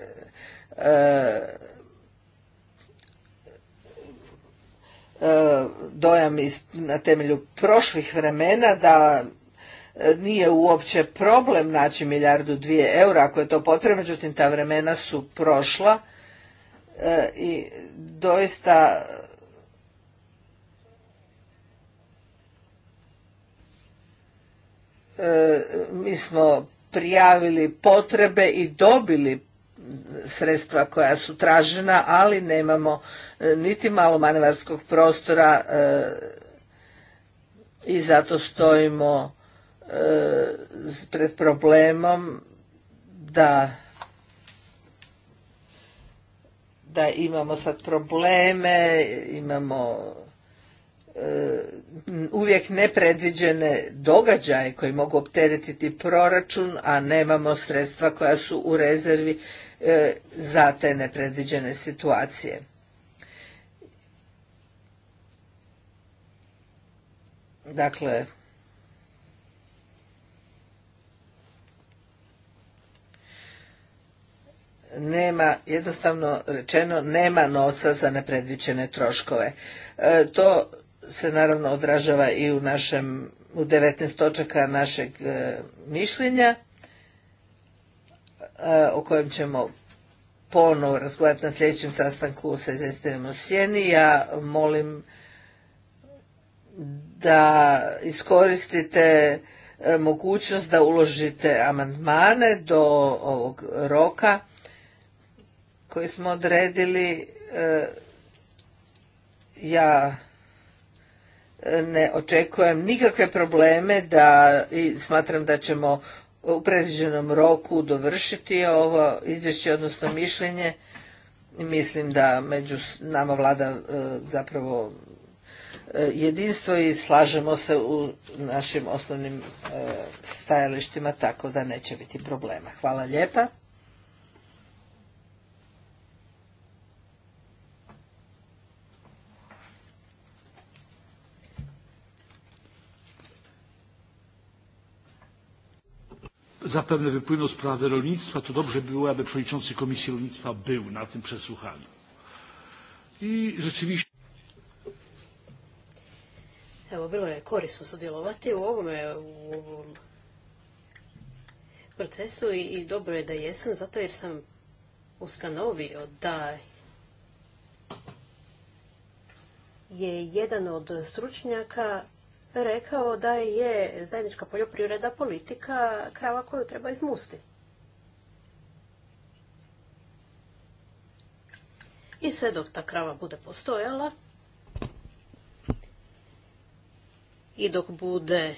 e, dojam na temelju prošlih vremena da nije uopće problem naći milijardu dvije eura ako je to potrebno, međutim ta vremena su prošla E, i doista e, mi smo prijavili potrebe i dobili sredstva koja su tražena, ali nemamo e, niti malo manevarskog prostora i zato stojimo pred problemom da da imamo sad probleme, imamo e, uvijek nepredviđene događaje koji mogu opteretiti proračun, a nemamo sredstva koja su u rezervi e, za te nepredviđene situacije. Dakle, nema, jednostavno rečeno, nema novca za nepredviđene troškove. E, to se naravno odražava i u našem, u 19 točaka našeg e, mišljenja, e, o kojem ćemo ponovo razgovarati na sljedećem sastanku sa Izvestenim u Sjeni. Ja molim da iskoristite mogućnost da uložite amandmane do ovog roka koji smo odredili e, ja e, ne očekujem nikakve probleme da i smatram da ćemo u predviđenom roku dovršiti ovo izvješće odnosno mišljenje mislim da među nama vlada e, zapravo jedinstvo i slažemo se u našim osnovnim stajalištima tako da neće biti problema. Hvala lijepa. zapewne wypłyną sprawy rolnictwa, to dobrze było, aby przewodniczący Komisji Rolnictwa był na tym przesłuchaniu. I rzeczywiście... Evo, bilo je korisno sudjelovati u ovome, u ovom procesu i, i dobro je da jesam, zato jer sam ustanovio da je jedan od stručnjaka rekao da je zajednička poljoprivreda politika krava koju treba izmusti. I sve dok ta krava bude postojala i dok bude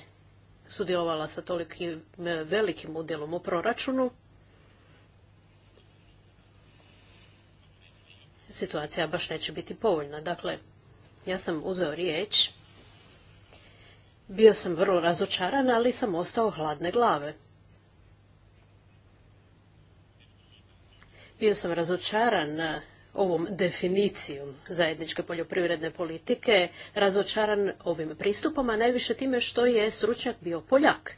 sudjelovala sa tolikim e, velikim udjelom u proračunu, situacija baš neće biti povoljna. Dakle, ja sam uzeo riječ bio sam vrlo razočaran, ali sam ostao hladne glave. Bio sam razočaran ovom definicijom zajedničke poljoprivredne politike, razočaran ovim pristupom, a najviše time što je stručnjak bio Poljak.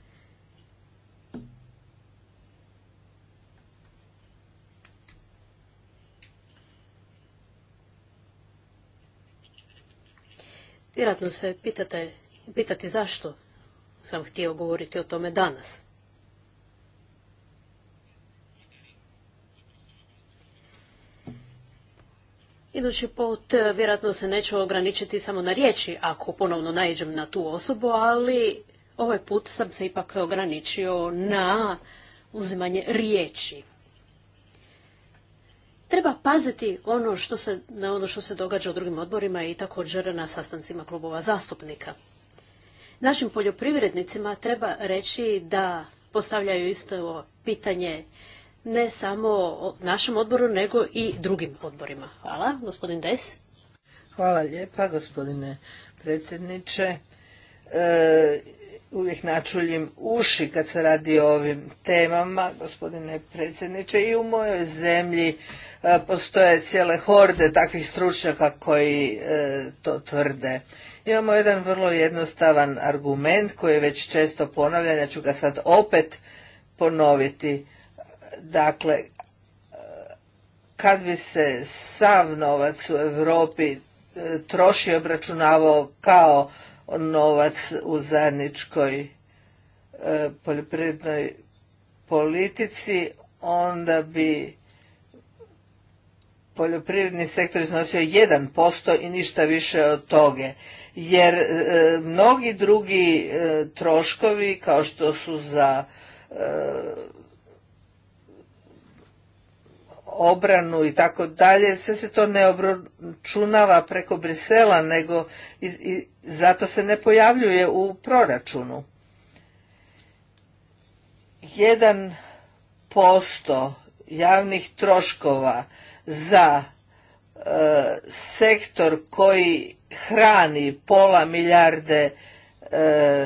Vjerojatno se pitate pitati zašto sam htio govoriti o tome danas. Idući put eh, vjerojatno se neću ograničiti samo na riječi ako ponovno naiđem na tu osobu, ali ovaj put sam se ipak ograničio na uzimanje riječi. Treba paziti ono što se, na ono što se događa u drugim odborima i također na sastancima klubova zastupnika. Našim poljoprivrednicima treba reći da postavljaju isto pitanje ne samo našem odboru, nego i drugim odborima. Hvala. Gospodin Des. Hvala lijepa, gospodine predsjedniče. E, uvijek načuljim uši kad se radi o ovim temama, gospodine predsjedniče. I u mojoj zemlji e, postoje cijele horde takvih stručnjaka koji e, to tvrde. Imamo jedan vrlo jednostavan argument koji je već često ponavljan, ja ću ga sad opet ponoviti. Dakle, kad bi se sav novac u Europi e, trošio, obračunavao kao novac u zajedničkoj e, poljoprivrednoj politici, onda bi poljoprivredni sektor iznosio 1% i ništa više od toga jer e, mnogi drugi e, troškovi kao što su za e, obranu i tako dalje, sve se to ne obračunava preko Brisela, nego zato se ne pojavljuje u proračunu. Jedan posto javnih troškova za sektor koji hrani pola milijarde e,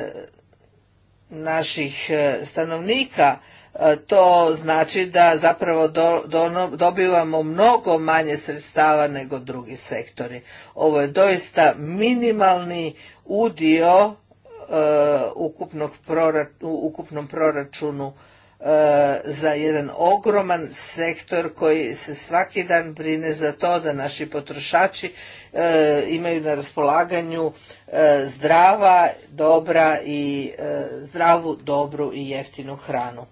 naših e, stanovnika, e, to znači da zapravo do, ono, dobivamo mnogo manje sredstava nego drugi sektori. Ovo je doista minimalni udio ukupnog u ukupnom proračunu Eh, za jedan ogroman sektor koji se svaki dan brine za to da naši potrošači eh, imaju na raspolaganju eh, zdrava, dobra i zdravu, dobru i jeftinu hranu.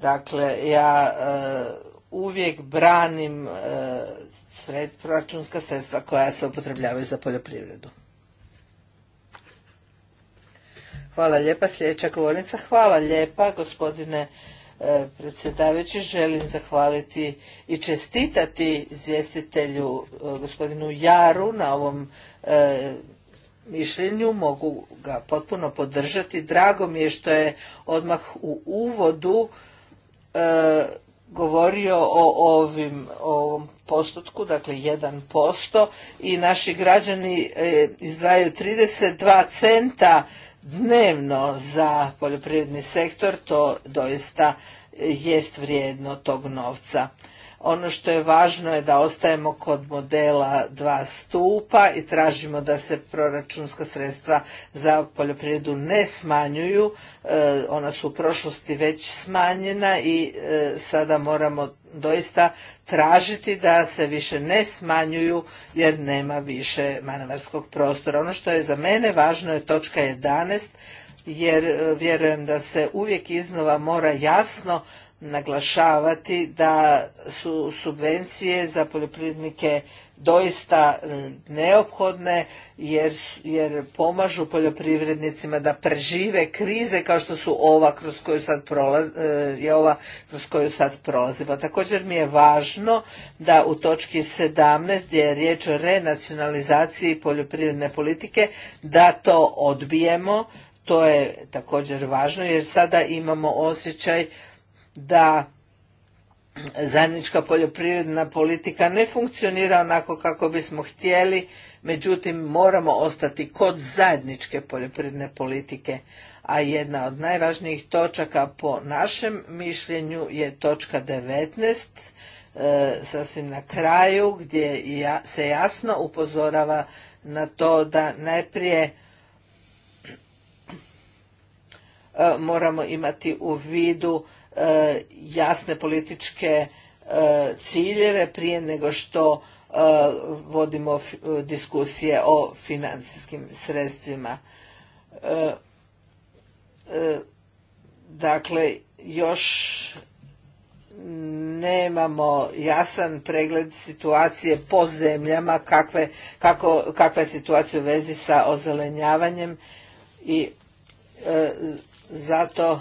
Dakle, ja uvijek branim sred, proračunska sredstva koja se upotrebljavaju za poljoprivredu. Hvala lijepa. Sljedeća govornica. Hvala lijepa gospodine e, predsjedavajući. Želim zahvaliti i čestitati izvjestitelju e, gospodinu Jaru na ovom e, mišljenju. Mogu ga potpuno podržati. Drago mi je što je odmah u uvodu govorio o ovim ovom postotku, dakle 1% i naši građani e, izdvajaju 32 centa dnevno za poljoprivredni sektor, to doista jest vrijedno tog novca. Ono što je važno je da ostajemo kod modela dva stupa i tražimo da se proračunska sredstva za poljoprivredu ne smanjuju. E, ona su u prošlosti već smanjena i e, sada moramo doista tražiti da se više ne smanjuju jer nema više manevarskog prostora. Ono što je za mene važno je točka 11 jer e, vjerujem da se uvijek iznova mora jasno naglašavati da su subvencije za poljoprivrednike doista e, neophodne jer, jer pomažu poljoprivrednicima da prežive krize kao što su ova kroz koju sad prolazi, e, ova kroz koju sad prolazimo. Također mi je važno da u točki 17 gdje je riječ o renacionalizaciji poljoprivredne politike da to odbijemo. To je također važno jer sada imamo osjećaj da zajednička poljoprivredna politika ne funkcionira onako kako bismo htjeli, međutim moramo ostati kod zajedničke poljoprivredne politike, a jedna od najvažnijih točaka po našem mišljenju je točka 19, e, sasvim na kraju gdje ja, se jasno upozorava na to da najprije e, moramo imati u vidu E, jasne političke e, ciljeve prije nego što e, vodimo diskusije o financijskim sredstvima. Dakle, još nemamo jasan pregled situacije po zemljama, kakve, kako, kakva je situacija u vezi sa ozelenjavanjem i zato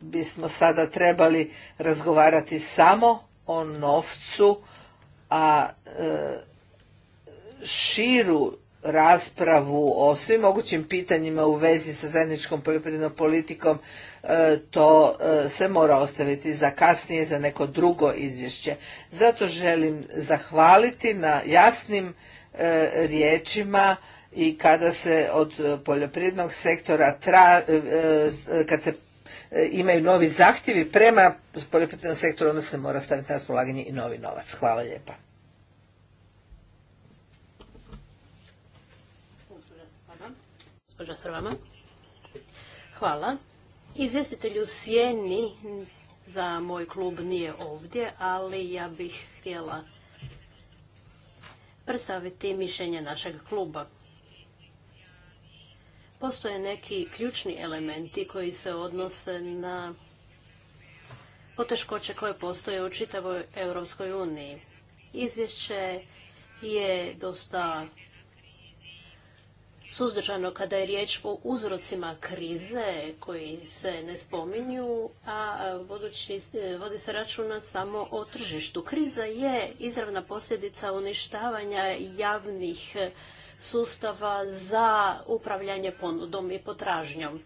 bismo sada trebali razgovarati samo o novcu, a e, širu raspravu o svim mogućim pitanjima u vezi sa zajedničkom poljoprivrednom politikom e, to e, se mora ostaviti za kasnije za neko drugo izvješće. Zato želim zahvaliti na jasnim riječima i kada se od poljoprivrednog sektora tra, kad se E, imaju novi zahtjevi prema poljoprivrednom sektoru, onda se mora staviti na raspolaganje i novi novac. Hvala lijepa. Hvala. Izvjestitelj u Sjeni za moj klub nije ovdje, ali ja bih htjela predstaviti mišljenje našeg kluba. Postoje neki ključni elementi koji se odnose na poteškoće koje postoje u čitavoj Europskoj uniji. Izvješće je dosta suzdržano kada je riječ o uzrocima krize koji se ne spominju, a budući vodi se računa samo o tržištu. Kriza je izravna posljedica uništavanja javnih sustava za upravljanje ponudom i potražnjom.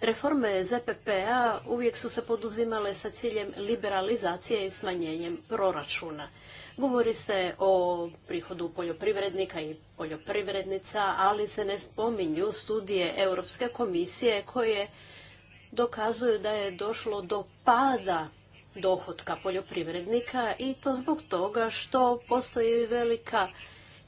Reforme ZPP-a uvijek su se poduzimale sa ciljem liberalizacije i smanjenjem proračuna. Govori se o prihodu poljoprivrednika i poljoprivrednica, ali se ne spominju studije Europske komisije koje dokazuju da je došlo do pada dohotka poljoprivrednika i to zbog toga što postoji velika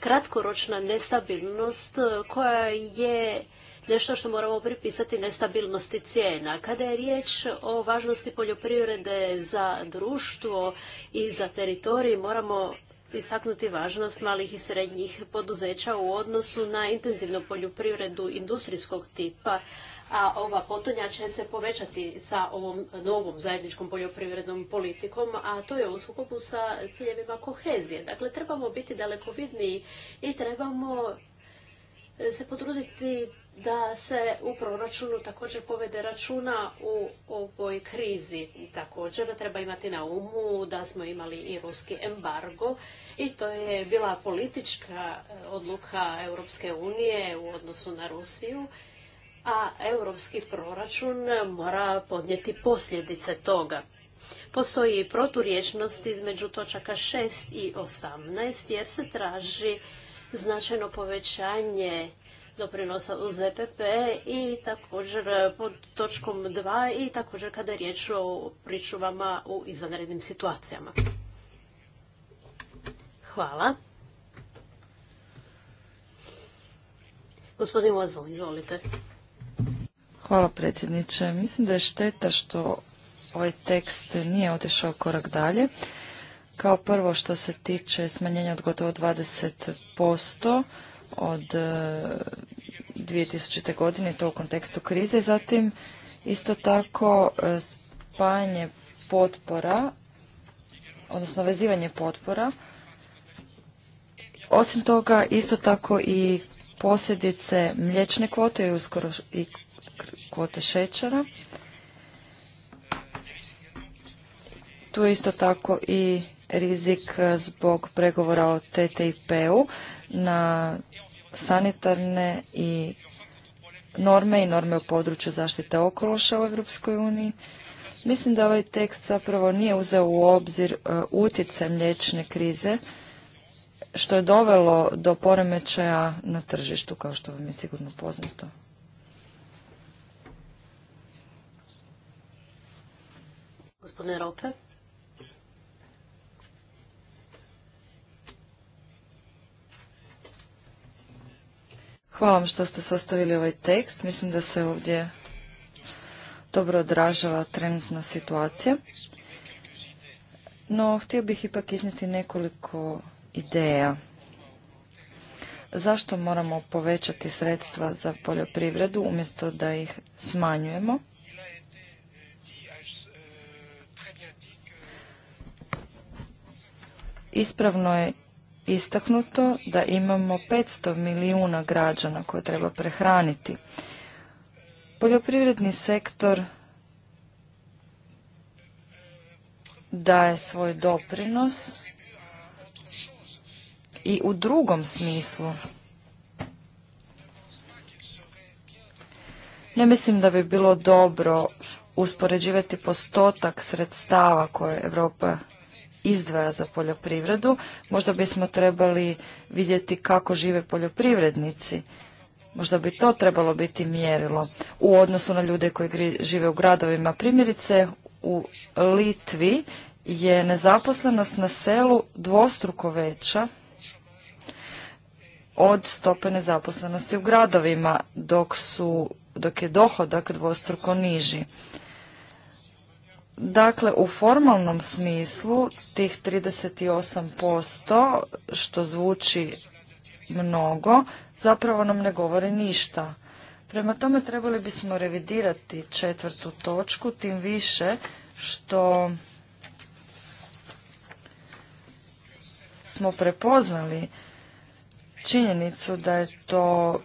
kratkoročna nestabilnost e, koja je nešto što moramo pripisati nestabilnosti cijena. Kada je riječ o važnosti poljoprivrede za društvo i za teritorij, moramo isaknuti važnost malih i srednjih poduzeća u odnosu na intenzivnu poljoprivredu industrijskog tipa a ova potonja će se povećati sa ovom novom zajedničkom poljoprivrednom politikom, a to je u sukobu sa ciljevima kohezije. Dakle, trebamo biti dalekovidniji i trebamo e, se potruditi da se u proračunu također povede računa u ovoj krizi. Također treba imati na umu da smo imali i ruski embargo i to je bila politička e, odluka Europske unije u odnosu na Rusiju a europski proračun mora podnijeti posljedice toga. Postoji proturječnost između točaka 6 i 18 jer se traži značajno povećanje doprinosa u ZPP e i također pod točkom 2 i također kada je riječ o pričuvama u izvanrednim situacijama. Hvala. Gospodin Vazon, izvolite. Hvala predsjedniče. Mislim da je šteta što ovaj tekst nije otišao korak dalje. Kao prvo što se tiče smanjenja od gotovo 20% od 2000. E, godine, to u kontekstu krize. Zatim, isto tako, e, spajanje potpora, odnosno vezivanje potpora. Osim toga, isto tako i posljedice mlječne kvote i uskoro i kvote šećera. Tu je isto tako i rizik e, zbog pregovora o TTIP-u na sanitarne i norme i norme u području zaštite okološa u Europskoj uniji. Mislim da ovaj tekst zapravo nije uzeo u obzir e, utjecaj mlječne krize, što je dovelo do poremećaja na tržištu, kao što vam je sigurno poznato. Gospodine Rope. Hvala vam što ste sastavili ovaj tekst. Mislim da se ovdje dobro odražava trenutna situacija. No, htio bih ipak iznijeti nekoliko ideja. Zašto moramo povećati sredstva za poljoprivredu umjesto da ih smanjujemo? Ispravno je istaknuto da imamo 500 milijuna građana koje treba prehraniti. Poljoprivredni sektor daje svoj doprinos i u drugom smislu. Ne mislim da bi bilo dobro uspoređivati postotak sredstava koje Europa izdvaja za poljoprivredu. Možda bismo trebali vidjeti kako žive poljoprivrednici. Možda bi to trebalo biti mjerilo u odnosu na ljude koji žive u gradovima. Primjerice u Litvi je nezaposlenost na selu dvostruko veća od stope nezaposlenosti u gradovima, dok, su, dok je dohodak dvostruko niži. Dakle, u formalnom smislu tih 38%, što zvuči mnogo, zapravo nam ne govori ništa. Prema tome trebali bismo revidirati četvrtu točku, tim više što smo prepoznali činjenicu da je to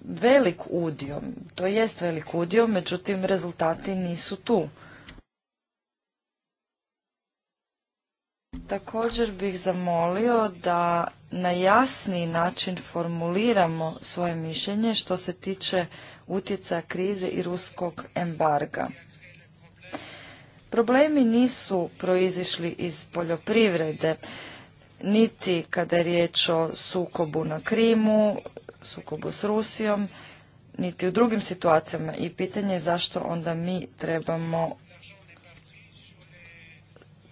velik udio, to jest velik udio, međutim rezultati nisu tu. Također bih zamolio da na jasni način formuliramo svoje mišljenje što se tiče utjecaja krize i ruskog embarga. Problemi nisu proizišli iz poljoprivrede, niti kada je riječ o sukobu na Krimu, sukobu s Rusijom, niti u drugim situacijama i pitanje je zašto onda mi trebamo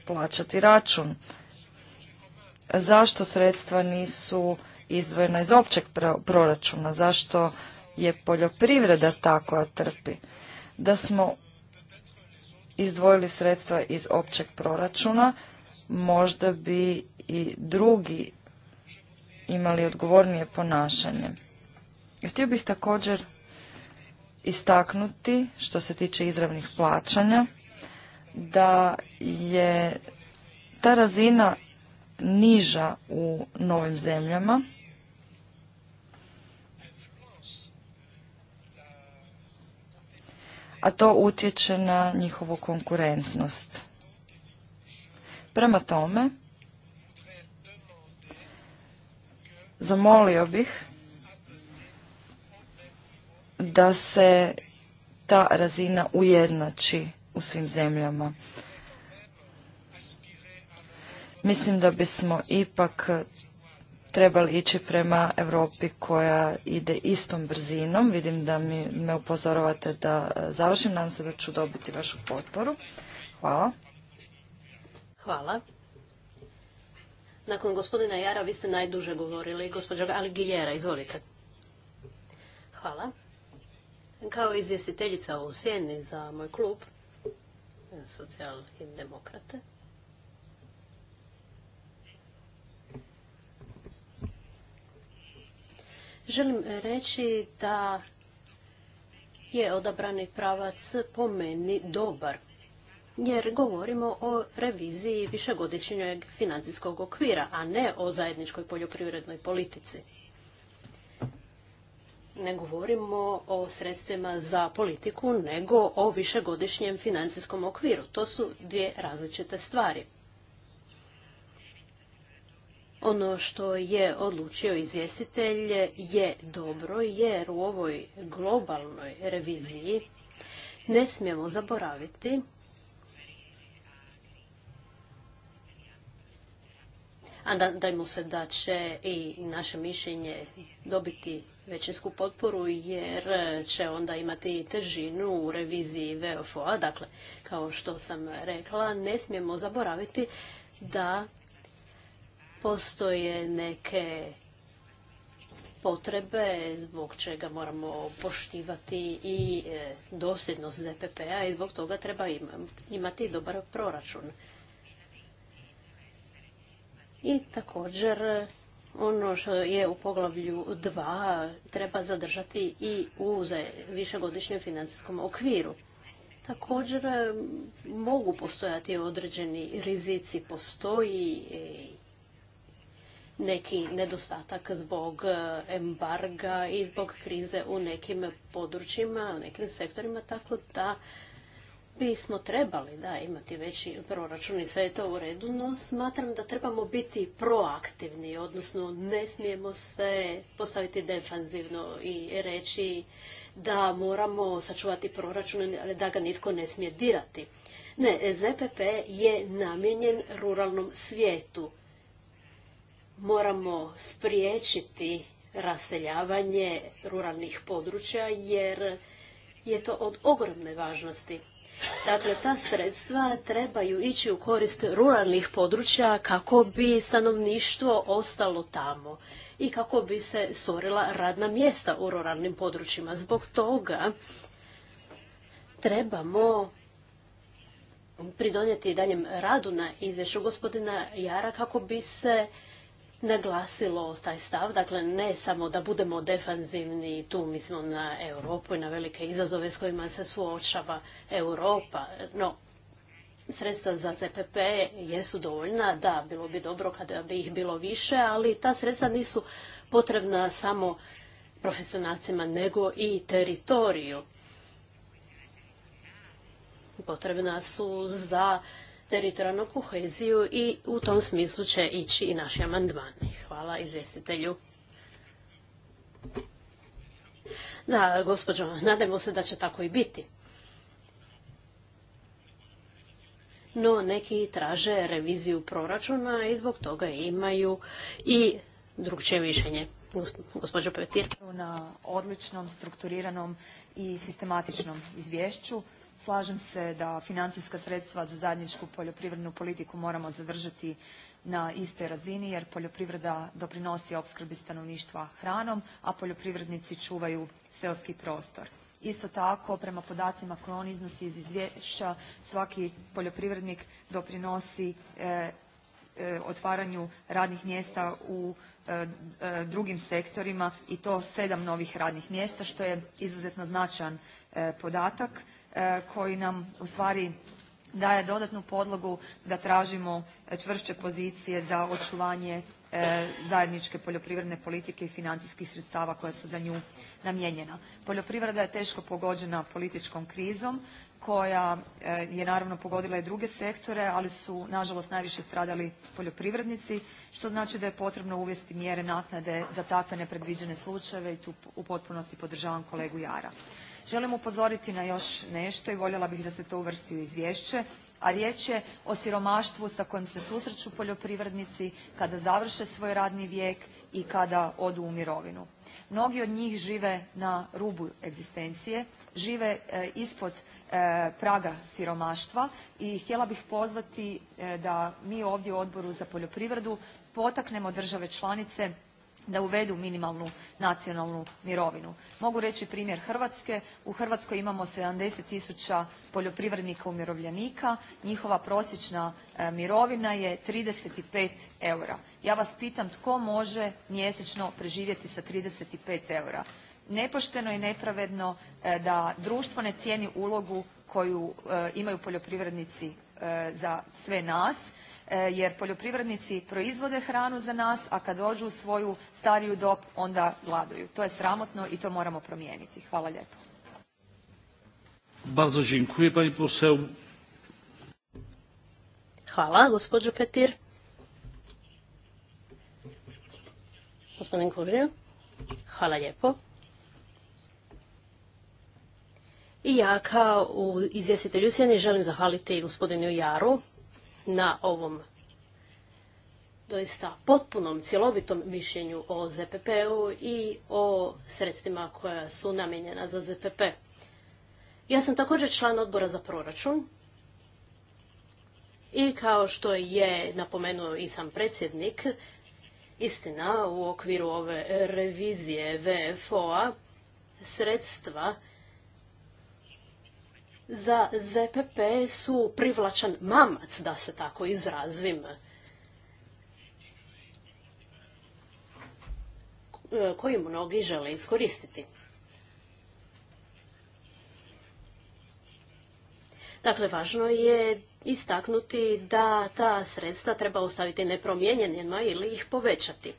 plaćati račun. Zašto sredstva nisu izdvojena iz općeg proračuna? Zašto je poljoprivreda ta koja trpi? Da smo izdvojili sredstva iz općeg proračuna, možda bi i drugi imali odgovornije ponašanje. Htio bih također istaknuti što se tiče izravnih plaćanja da je ta razina niža u novim zemljama. a to utječe na njihovu konkurentnost. Prema tome, zamolio bih da se ta razina ujednači u svim zemljama. Mislim da bismo ipak trebali ići prema Europi koja ide istom brzinom. Vidim da mi me upozoravate da e, završim. Nadam se da ću dobiti vašu potporu. Hvala. Hvala. Nakon gospodina Jara vi ste najduže govorili. Gospođa Algijera, izvolite. Hvala. Kao izvjestiteljica u Sjeni za moj klub, socijal demokrate. Želim reći da je odabrani pravac po meni dobar, jer govorimo o reviziji višegodišnjeg financijskog okvira, a ne o zajedničkoj poljoprivrednoj politici ne govorimo o sredstvima za politiku, nego o višegodišnjem financijskom okviru. To su dvije različite stvari. Ono što je odlučio izvjestitelj je dobro, jer u ovoj globalnoj reviziji ne smijemo zaboraviti a dajmo se da će i naše mišljenje dobiti većinsku potporu jer će onda imati težinu u reviziji VFO-a. Dakle, kao što sam rekla, ne smijemo zaboraviti da postoje neke potrebe zbog čega moramo poštivati i e, dosljednost ZPP-a i zbog toga treba imati dobar proračun. I također ono što je u poglavlju 2 treba zadržati i u višegodišnjem financijskom okviru. Također e, mogu postojati određeni rizici, postoji e, neki nedostatak zbog e, embarga i zbog krize u nekim područjima, u nekim sektorima, tako da smo trebali da imati veći proračun i sve je to u redu, no smatram da trebamo biti proaktivni, odnosno ne smijemo se postaviti defanzivno i reći da moramo sačuvati proračun, ali da ga nitko ne smije dirati. Ne, ZPP je namijenjen ruralnom svijetu. Moramo spriječiti raseljavanje ruralnih područja jer je to od ogromne važnosti. Dakle, ta sredstva trebaju ići u korist ruralnih područja kako bi stanovništvo ostalo tamo i kako bi se stvorila radna mjesta u ruralnim područjima. Zbog toga trebamo pridonijeti daljem radu na izvješću gospodina Jara kako bi se naglasilo taj stav, dakle ne samo da budemo defanzivni, tu mislimo na Europu i na velike izazove s kojima se suočava Europa, no sredstva za CPP jesu dovoljna, da, bilo bi dobro kada bi ih bilo više, ali ta sredstva nisu potrebna samo profesionalcima, nego i teritoriju. Potrebna su za teritorijalnu koheziju i u tom smislu će ići i naši amandmani. Hvala izvjestitelju. Da, gospođo, nadajmo se da će tako i biti. No, neki traže reviziju proračuna i zbog toga imaju i drugčije mišljenje. Gospođo Petir. Na odličnom, strukturiranom i sistematičnom izvješću Slažem se da financijska sredstva za zajedničku poljoprivrednu politiku moramo zadržati na istoj razini jer poljoprivreda doprinosi opskrbi stanovništva hranom, a poljoprivrednici čuvaju seoski prostor. Isto tako prema podacima koje on iznosi iz izvješća svaki poljoprivrednik doprinosi e, e, otvaranju radnih mjesta u e, drugim sektorima i to sedam novih radnih mjesta što je izuzetno značajan podatak E, koji nam ustvari daje dodatnu podlogu da tražimo čvršće pozicije za očuvanje e, zajedničke poljoprivredne politike i financijskih sredstava koja su za nju namijenjena. Poljoprivreda je teško pogođena političkom krizom koja e, je naravno pogodila i druge sektore, ali su nažalost najviše stradali poljoprivrednici, što znači da je potrebno uvesti mjere naknade za takve nepredviđene slučajeve i tu u potpunosti podržavam kolegu Jara želim upozoriti na još nešto i voljela bih da se to uvrsti u izvješće, a riječ je o siromaštvu sa kojim se susreću poljoprivrednici kada završe svoj radni vijek i kada odu u mirovinu. Mnogi od njih žive na rubu egzistencije, žive e, ispod e, praga siromaštva i htjela bih pozvati e, da mi ovdje u Odboru za poljoprivredu potaknemo države članice da uvedu minimalnu nacionalnu mirovinu. Mogu reći primjer Hrvatske. U Hrvatskoj imamo 70 tisuća poljoprivrednika umirovljenika. Njihova prosječna e, mirovina je 35 eura. Ja vas pitam tko može mjesečno preživjeti sa 35 eura? Nepošteno i nepravedno e, da društvo ne cijeni ulogu koju e, imaju poljoprivrednici za sve nas E, jer poljoprivrednici proizvode hranu za nas, a kad dođu u svoju stariju dob onda gladuju. To je sramotno i to moramo promijeniti. Hvala lijepo. Hvala, gospođo Petir. Gospodin hvala lijepo. I ja kao u izvjestitelju sjeni želim zahvaliti gospodinu Jaru na ovom doista potpunom, cjelovitom mišljenju o ZPP-u i o sredstvima koja su namijenjena za ZPP. Ja sam također član odbora za proračun i kao što je napomenuo i sam predsjednik, istina u okviru ove revizije VFO-a sredstva za ZPP su privlačan mamac, da se tako izrazim. E, koji mnogi žele iskoristiti. Dakle, važno je istaknuti da ta sredstva treba ostaviti nepromijenjenima ili ih povećati.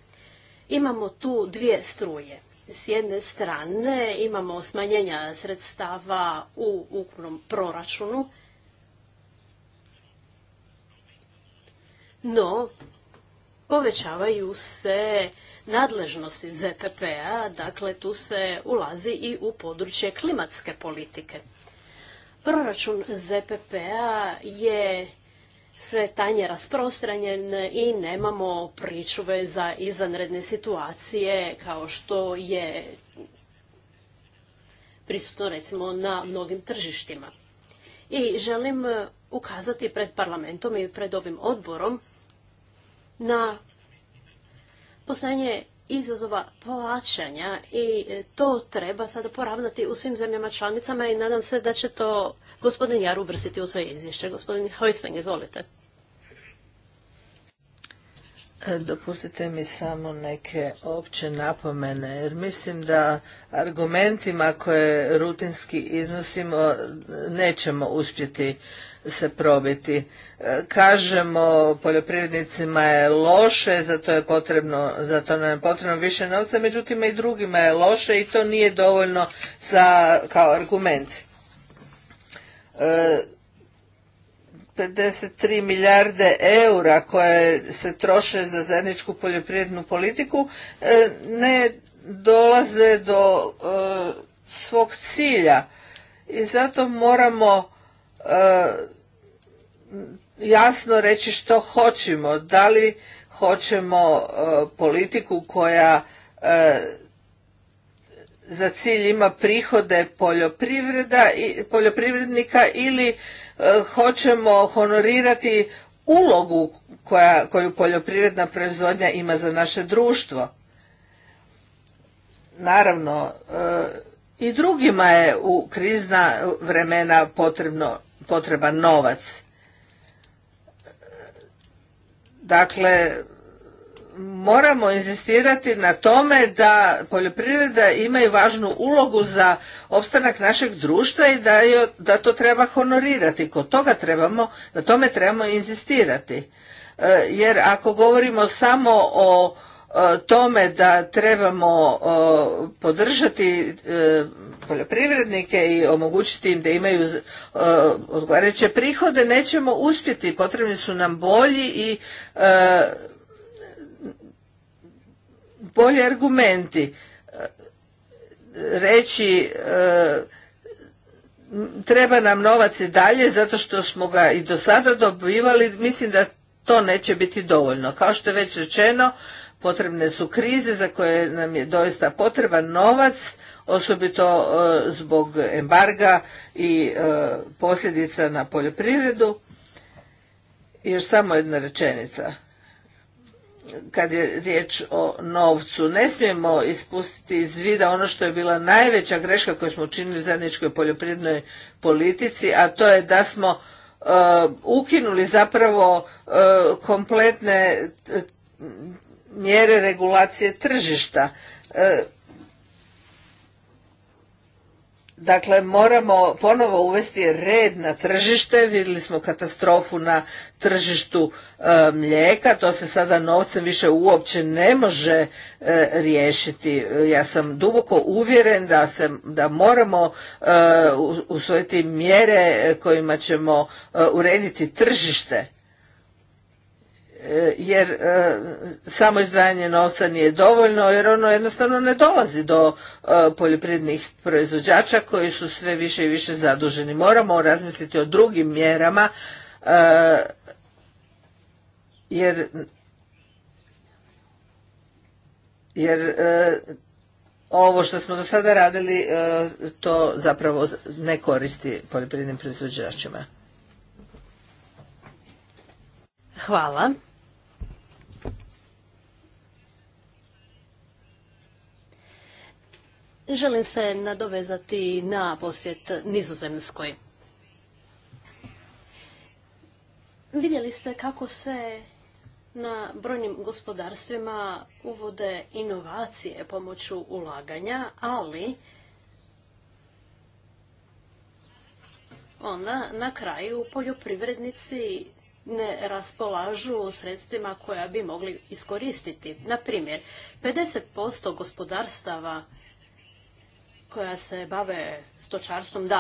Imamo tu dvije struje s jedne strane imamo smanjenja sredstava u ukupnom proračunu, no povećavaju se nadležnosti ZPP-a, dakle tu se ulazi i u područje klimatske politike. Proračun ZPP-a je sve tanje rasprostranjen i nemamo pričuve za izvanredne situacije kao što je prisutno recimo na mnogim tržištima. I želim ukazati pred parlamentom i pred ovim odborom na postojanje izazova plaćanja i to treba sada poravnati u svim zemljama članicama i nadam se da će to gospodin Jar uvrstiti u svoje izvješće. Gospodin Hojsling, izvolite. E, dopustite mi samo neke opće napomene, jer mislim da argumentima koje rutinski iznosimo nećemo uspjeti se probiti. E, kažemo poljoprivrednicima je loše, zato je potrebno, zato nam je potrebno više novca, međutim i drugima je loše i to nije dovoljno za, kao argument. 53 e, milijarde eura koje se troše za zajedničku poljoprivrednu politiku e, ne dolaze do e, svog cilja i zato moramo jasno reći što hoćemo da li hoćemo politiku koja za cilj ima prihode poljoprivreda poljoprivrednika ili e, hoćemo honorirati ulogu koja, koju poljoprivredna proizvodnja ima za naše društvo. Naravno, e, i drugima je u krizna vremena potrebno, potreban novac. Dakle, moramo inzistirati na tome da poljoprivreda ima i važnu ulogu za opstanak našeg društva i da, da to treba honorirati. Kod toga trebamo, na tome trebamo inzistirati. E, jer ako govorimo samo o e, tome da trebamo e, podržati poljoprivrednike i omogućiti im da imaju odgovarajuće prihode, nećemo uspjeti. Potrebni su nam bolji i bolji argumenti. E, reći e, treba nam novac i dalje zato što smo ga i do sada dobivali, mislim da to neće biti dovoljno. Kao što je već rečeno, potrebne su krize za koje nam je doista potreban novac, osobito e, zbog embarga i posljedica na poljoprivredu. Još samo jedna rečenica kad je riječ o novcu. Ne smijemo ispustiti iz vida ono što je bila najveća greška koju smo učinili u zajedničkoj poljoprivrednoj politici, a to je da smo e, ukinuli zapravo e, kompletne mjere regulacije tržišta. E, Dakle, moramo ponovo uvesti red na tržište. Vidjeli smo katastrofu na tržištu e, mlijeka. To se sada novcem više uopće ne može e, riješiti. Ja sam duboko uvjeren da, moramo e, usvojiti mjere kojima ćemo urediti tržište E, jer e, samo izdvajanje novca nije dovoljno jer ono jednostavno ne dolazi do e, poljoprivrednih proizvođača koji su sve više i više zaduženi. Moramo razmisliti o drugim mjerama jer jer ovo što smo do sada radili to zapravo ne koristi poljoprivrednim proizvođačima. Hvala. Želim se nadovezati na posjet Nizozemskoj. Vidjeli ste kako se na brojnim gospodarstvima uvode inovacije pomoću ulaganja, ali ona na kraju poljoprivrednici ne raspolažu sredstvima koja bi mogli iskoristiti. Na primjer, 50% gospodarstava koja se bave stočarstvom, da,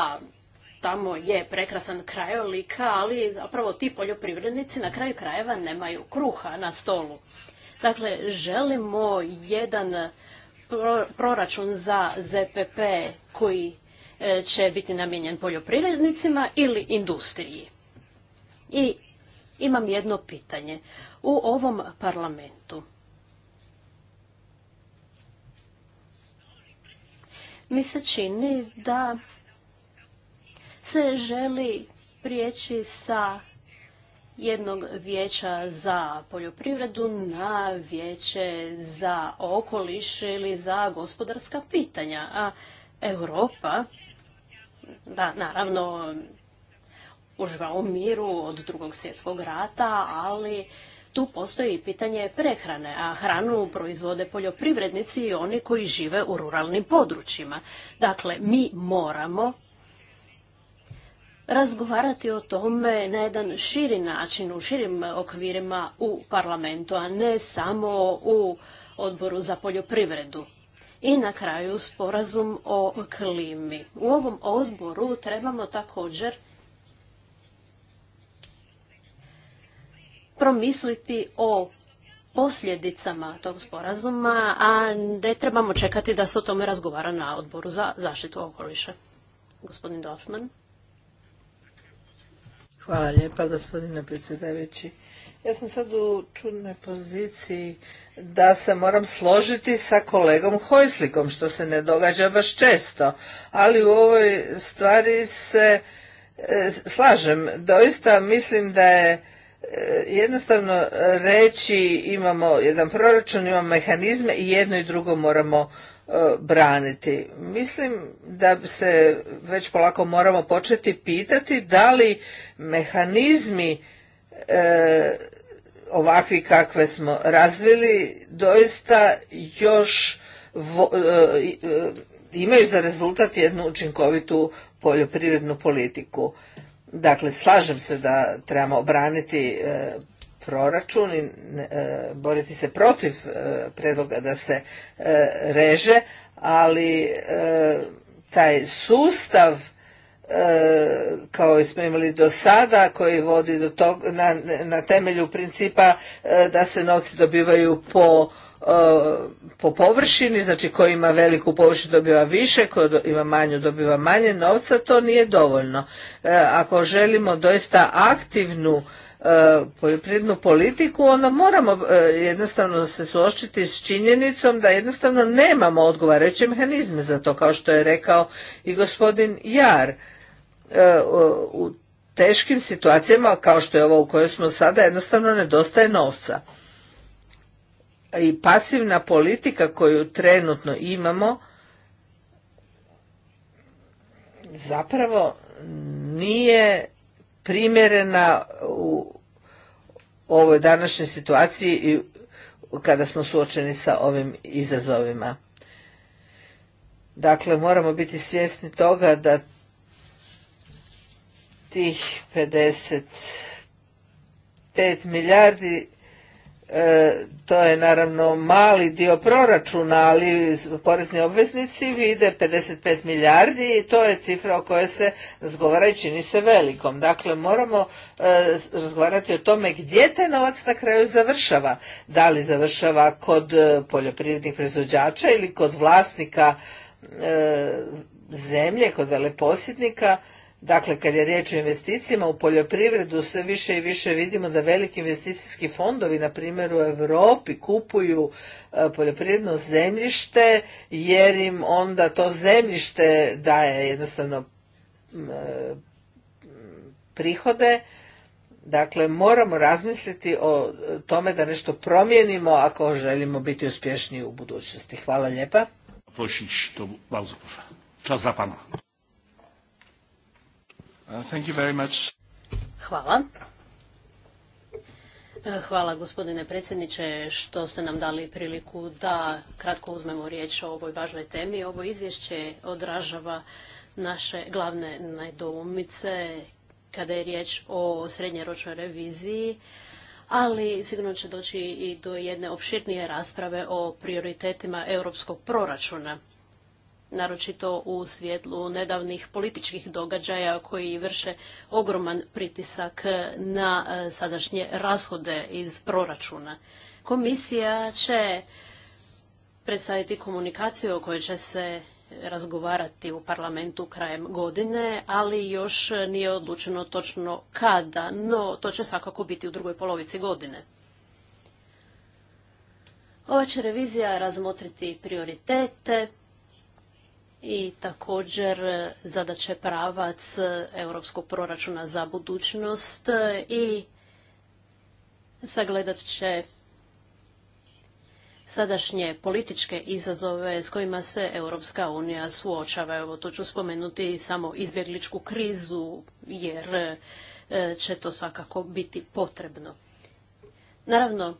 tamo je prekrasan krajolika, ali zapravo ti poljoprivrednici na kraju krajeva nemaju kruha na stolu. Dakle, želimo jedan proračun za ZPP koji e, će biti namijenjen poljoprivrednicima ili industriji. I imam jedno pitanje. U ovom parlamentu mi se čini da se želi prijeći sa jednog vijeća za poljoprivredu na vijeće za okoliš ili za gospodarska pitanja. A Europa, da naravno uživa u miru od drugog svjetskog rata, ali tu postoji i pitanje prehrane, a hranu proizvode poljoprivrednici i oni koji žive u ruralnim područjima. Dakle, mi moramo razgovarati o tome na jedan širi način, u širim okvirima u parlamentu, a ne samo u odboru za poljoprivredu. I na kraju sporazum o klimi. U ovom odboru trebamo također promisliti o posljedicama tog sporazuma, a ne trebamo čekati da se o tome razgovara na odboru za zaštitu okoliša. Gospodin Dorfman. Hvala lijepa gospodine predsjedavajući. Ja sam sad u čudnoj poziciji da se moram složiti sa kolegom Hojslikom, što se ne događa baš često, ali u ovoj stvari se e, slažem. Doista mislim da je jednostavno reći imamo jedan proračun, imamo mehanizme i jedno i drugo moramo e, braniti. Mislim da se već polako moramo početi pitati da li mehanizmi e, ovakvi kakve smo razvili doista još e, imaju za rezultat jednu učinkovitu poljoprivrednu politiku. Dakle, slažem se da trebamo obraniti e, proračun i e, boriti se protiv e, predloga da se reže, ali taj sustav kao i smo imali do sada koji vodi do tog na, na temelju principa da se novci dobivaju po E, po površini, znači koji ima veliku površinu dobiva više, ko ima manju dobiva manje novca, to nije dovoljno. E, ako želimo doista aktivnu e, poljoprivrednu politiku, onda moramo jednostavno se suočiti s činjenicom da jednostavno nemamo odgovarajuće mehanizme za to, kao što je rekao i gospodin Jar. U teškim situacijama, kao što je ovo u kojoj smo sada, jednostavno nedostaje novca i pasivna politika koju trenutno imamo zapravo nije primjerena u ovoj današnjoj situaciji i kada smo suočeni sa ovim izazovima. Dakle, moramo biti svjesni toga da tih 55 milijardi E, to je naravno mali dio proračuna, ali porezni obveznici vide 55 milijardi i to je cifra o kojoj se razgovara i čini se velikom. Dakle, moramo e, razgovarati o tome gdje taj novac na kraju završava. Da li završava kod e, poljoprivrednih proizvođača ili kod vlasnika e, zemlje, kod veleposjednika, Dakle, kad je riječ o investicijama u poljoprivredu, sve više i više vidimo da veliki investicijski fondovi, na primjer u Europi, kupuju e, poljoprivredno zemljište jer im onda to zemljište daje jednostavno e, prihode. Dakle, moramo razmisliti o tome da nešto promijenimo ako želimo biti uspješniji u budućnosti. Hvala lijepa. Uh, hvala. Uh, hvala gospodine predsjedniče što ste nam dali priliku da kratko uzmemo riječ o ovoj važnoj temi. Ovo izvješće odražava naše glavne nedoumice kada je riječ o srednjeročnoj reviziji, ali sigurno će doći i do jedne opširnije rasprave o prioritetima europskog proračuna naročito u svjetlu nedavnih političkih događaja koji vrše ogroman pritisak na e, sadašnje rashode iz proračuna. Komisija će predstaviti komunikaciju o kojoj će se razgovarati u parlamentu krajem godine, ali još nije odlučeno točno kada, no to će svakako biti u drugoj polovici godine. Ova će revizija razmotriti prioritete, i također e, zadaće pravac e, europskog proračuna za budućnost e, i sagledat će sadašnje političke izazove s kojima se Europska unija suočava. Evo, to ću spomenuti samo izbjegličku krizu, jer će to svakako biti potrebno. Naravno,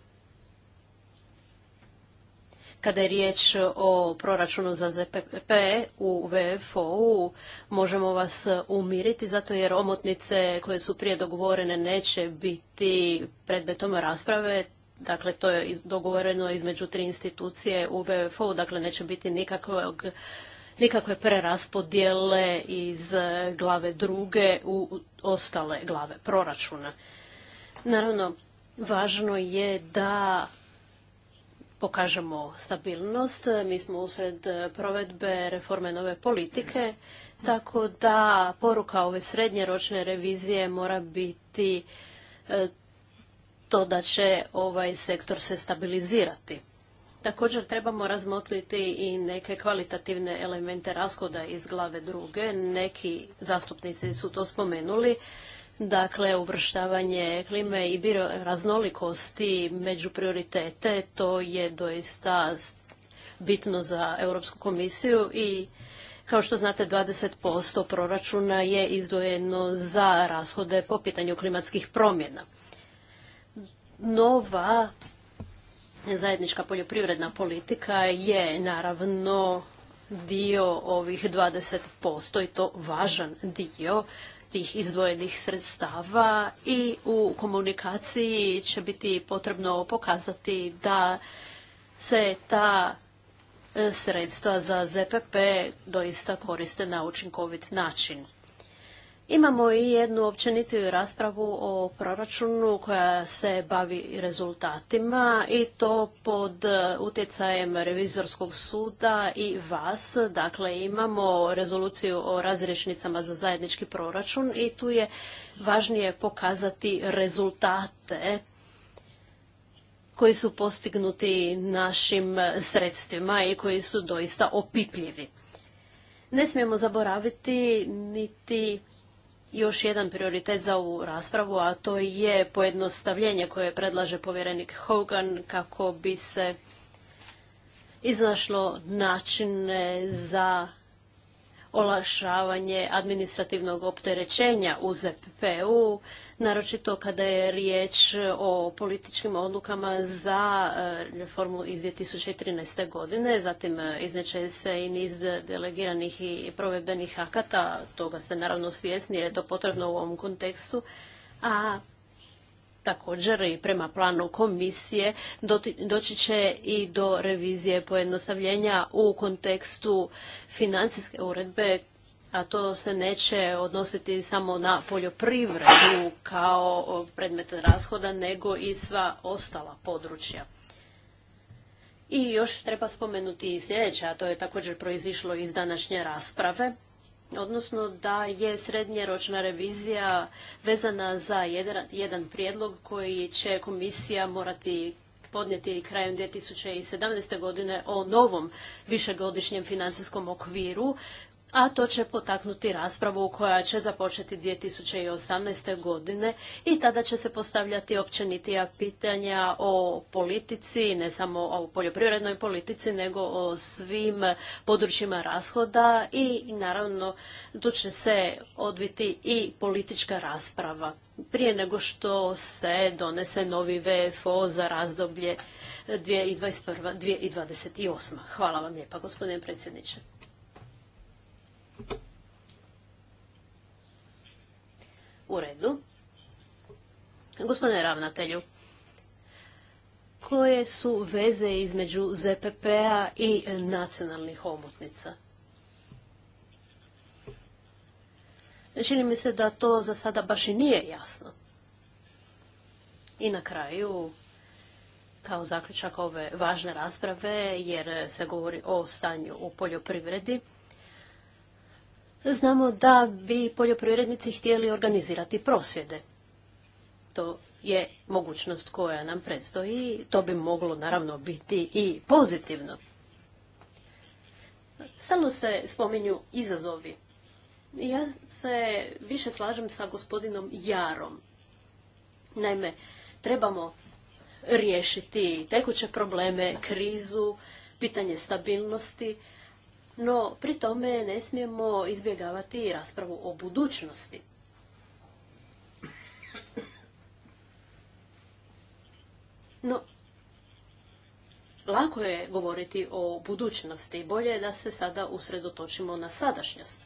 kada je riječ o proračunu za ZPP u VFO-u, možemo vas umiriti, zato jer omotnice koje su prije dogovorene neće biti predmetom rasprave, Dakle, to je dogovoreno između tri institucije u VFO-u, dakle neće biti nikakvog, nikakve preraspodjele iz glave druge u ostale glave proračuna. Naravno, važno je da pokažemo stabilnost. Mi smo usred provedbe reforme nove politike, tako da poruka ove srednje ročne revizije mora biti e, to da će ovaj sektor se stabilizirati. Također trebamo razmotriti i neke kvalitativne elemente raskoda iz glave druge. Neki zastupnici su to spomenuli. Dakle, uvrštavanje klime i bioraznolikosti među prioritete, to je doista bitno za Europsku komisiju i kao što znate, 20% proračuna je izdvojeno za rashode po pitanju klimatskih promjena. Nova zajednička poljoprivredna politika je naravno dio ovih 20% i to važan dio tih izdvojenih sredstava i u komunikaciji će biti potrebno pokazati da se ta e, sredstva za ZPP doista koriste na učinkovit način. Imamo i jednu općenitiju raspravu o proračunu koja se bavi rezultatima i to pod e, utjecajem revizorskog suda i vas. Dakle, imamo rezoluciju o razrešnicama za zajednički proračun i tu je važnije pokazati rezultate koji su postignuti našim sredstvima i koji su doista opipljivi. Ne smijemo zaboraviti niti još jedan prioritet za ovu raspravu, a to je pojednostavljenje koje predlaže povjerenik Hogan kako bi se iznašlo načine za olašavanje administrativnog opterećenja u zpp naročito kada je riječ o političkim odlukama za e, reformu iz 2013. godine. Zatim e, izneće se i niz delegiranih i provedbenih akata, toga ste naravno svjesni jer je to potrebno u ovom kontekstu. A Također i prema planu komisije doći će i do revizije pojednostavljenja u kontekstu financijske uredbe, a to se neće odnositi samo na poljoprivredu kao predmet rashoda, nego i sva ostala područja. I još treba spomenuti i sljedeće, a to je također proizišlo iz današnje rasprave, odnosno da je srednjeročna revizija vezana za jedan, jedan prijedlog koji će komisija morati podnijeti krajem 2017. godine o novom višegodišnjem financijskom okviru a to će potaknuti raspravu koja će započeti 2018. godine i tada će se postavljati općenitija pitanja o politici, ne samo o poljoprivrednoj politici, nego o svim područjima rashoda i naravno tu će se odviti i politička rasprava. Prije nego što se donese novi VFO za razdoblje 2021-2028. Hvala vam lijepa, gospodine predsjedniče. U redu. Gospodine ravnatelju, koje su veze između ZPP-a i nacionalnih omotnica? Čini mi se da to za sada baš i nije jasno. I na kraju, kao zaključak ove važne rasprave, jer se govori o stanju u poljoprivredi, znamo da bi poljoprivrednici htjeli organizirati prosvjede. To je mogućnost koja nam predstoji. To bi moglo naravno biti i pozitivno. Samo se spominju izazovi. Ja se više slažem sa gospodinom Jarom. Naime, trebamo riješiti tekuće probleme, krizu, pitanje stabilnosti, no pri tome ne smijemo izbjegavati raspravu o budućnosti. No, lako je govoriti o budućnosti, bolje je da se sada usredotočimo na sadašnjost.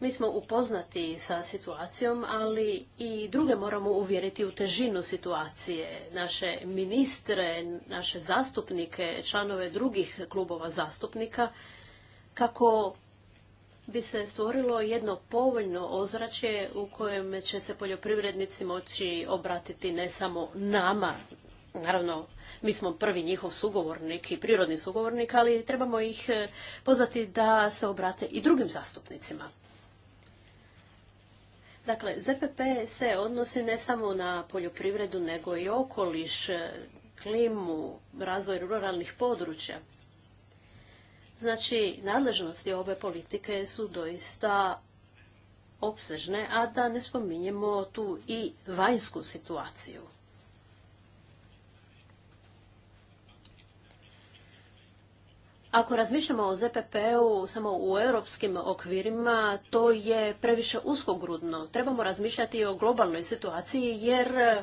Mi smo upoznati sa situacijom, ali i druge moramo uvjeriti u težinu situacije. Naše ministre, naše zastupnike, članove drugih klubova zastupnika, kako bi se stvorilo jedno povoljno ozračje u kojem će se poljoprivrednici moći obratiti ne samo nama, naravno mi smo prvi njihov sugovornik i prirodni sugovornik, ali trebamo ih pozvati da se obrate i drugim zastupnicima. Dakle, ZPP se odnosi ne samo na poljoprivredu, nego i okoliš, klimu, razvoj ruralnih područja. Znači, nadležnosti ove politike su doista opsežne, a da ne spominjemo tu i vanjsku situaciju. Ako razmišljamo o ZPP-u samo u europskim okvirima, to je previše uskogrudno. Trebamo razmišljati o globalnoj situaciji jer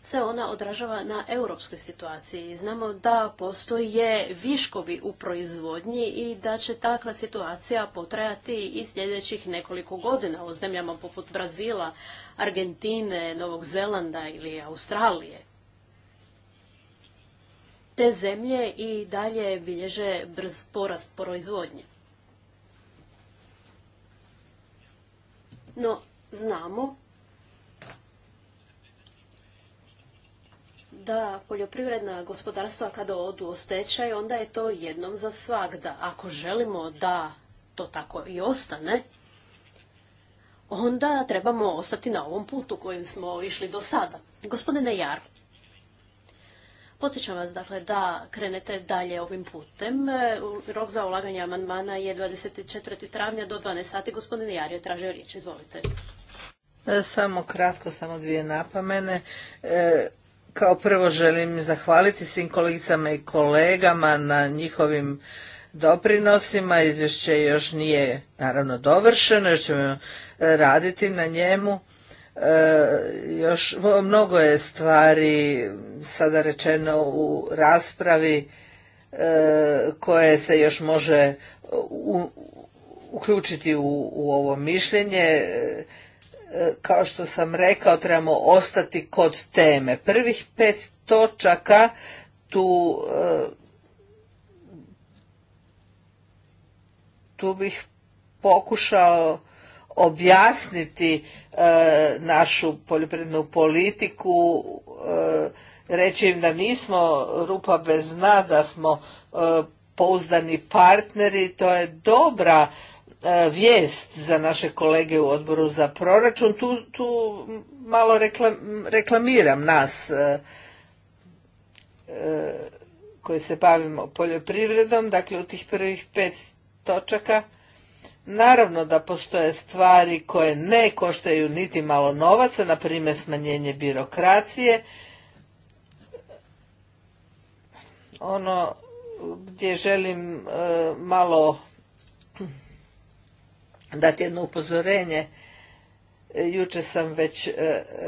se ona odražava na europskoj situaciji. Znamo da postoje viškovi u proizvodnji i da će takva situacija potrajati i sljedećih nekoliko godina u zemljama poput Brazila, Argentine, Novog Zelanda ili Australije te zemlje i dalje bilježe brz porast proizvodnje. No, znamo da poljoprivredna gospodarstva kada odu u stečaj, onda je to jednom za svagda. Ako želimo da to tako i ostane, onda trebamo ostati na ovom putu kojim smo išli do sada. Gospodine Jar, Podsjećam vas dakle da krenete dalje ovim putem. E, rok za ulaganje amandmana je 24. travnja do 12 sati. Gospodin Jar je tražio riječ. Izvolite. E, samo kratko, samo dvije napomene. E, kao prvo želim zahvaliti svim kolegicama i kolegama na njihovim doprinosima. Izvješće još nije naravno dovršeno, još ćemo raditi na njemu. E, još mnogo je stvari sada rečeno u raspravi e, koje se još može uključiti u, u ovo mišljenje e, kao što sam rekao trebamo ostati kod teme prvih pet točaka tu tu bih pokušao objasniti e, našu poljoprivrednu politiku, e, reći im da nismo rupa bez dna, da smo e, pouzdani partneri, to je dobra e, vijest za naše kolege u odboru za proračun. Tu, tu malo reklamiram nas koji se bavimo poljoprivredom, dakle u tih prvih pet točaka Naravno da postoje stvari koje ne koštaju niti malo novaca, na primjer smanjenje birokracije. Ono gdje želim e, malo dati jedno upozorenje, e, juče sam već e,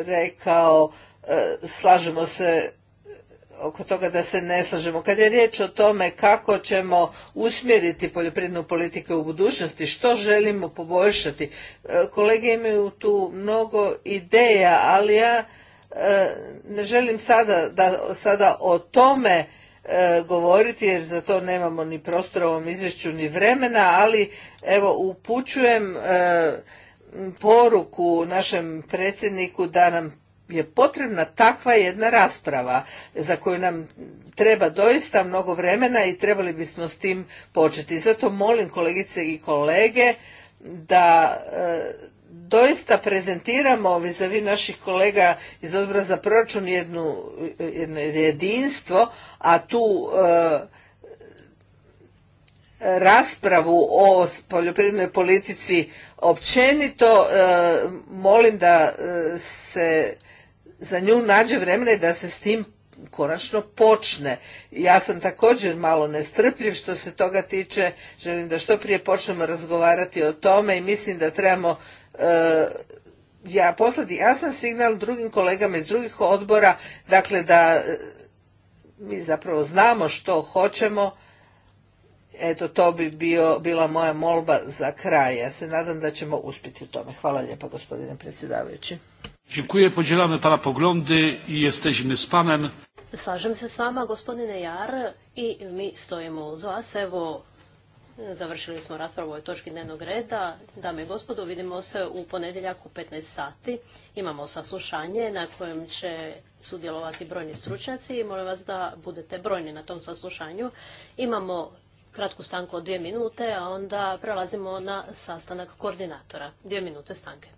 rekao, slažemo se oko toga da se ne slažemo. Kad je riječ o tome kako ćemo usmjeriti poljoprivrednu politiku u budućnosti, što želimo poboljšati, e, kolege imaju tu mnogo ideja, ali ja e, ne želim sada, da, sada o tome e, govoriti jer za to nemamo ni prostora u ovom izvješću ni vremena, ali evo upućujem poruku našem predsjedniku da nam je potrebna takva jedna rasprava za koju nam treba doista mnogo vremena i trebali bismo s tim početi. Zato molim kolegice i kolege da e, doista prezentiramo vizavi naših kolega iz odbora za proračun jednu, jedno jedinstvo, a tu e, raspravu o poljoprivrednoj politici općenito e, molim da se za nju nađe vremena da se s tim konačno počne. Ja sam također malo nestrpljiv što se toga tiče, želim da što prije počnemo razgovarati o tome i mislim da trebamo e, ja poslati jasan signal drugim kolegama iz drugih odbora, dakle da e, mi zapravo znamo što hoćemo, eto to bi bio, bila moja molba za kraj. Ja se nadam da ćemo uspjeti u tome. Hvala lijepa gospodine predsjedavajući. Dziękuję, podzielamy Pana poglądy i jesteśmy z Panem. Slažem se s vama, gospodine Jar, i mi stojimo uz vas. Evo, završili smo raspravu o točki dnevnog reda. Dame i gospodo, vidimo se u ponedjeljak u 15 sati. Imamo saslušanje na kojem će sudjelovati brojni stručnjaci i molim vas da budete brojni na tom saslušanju. Imamo kratku stanku od dvije minute, a onda prelazimo na sastanak koordinatora. Dvije minute stanke.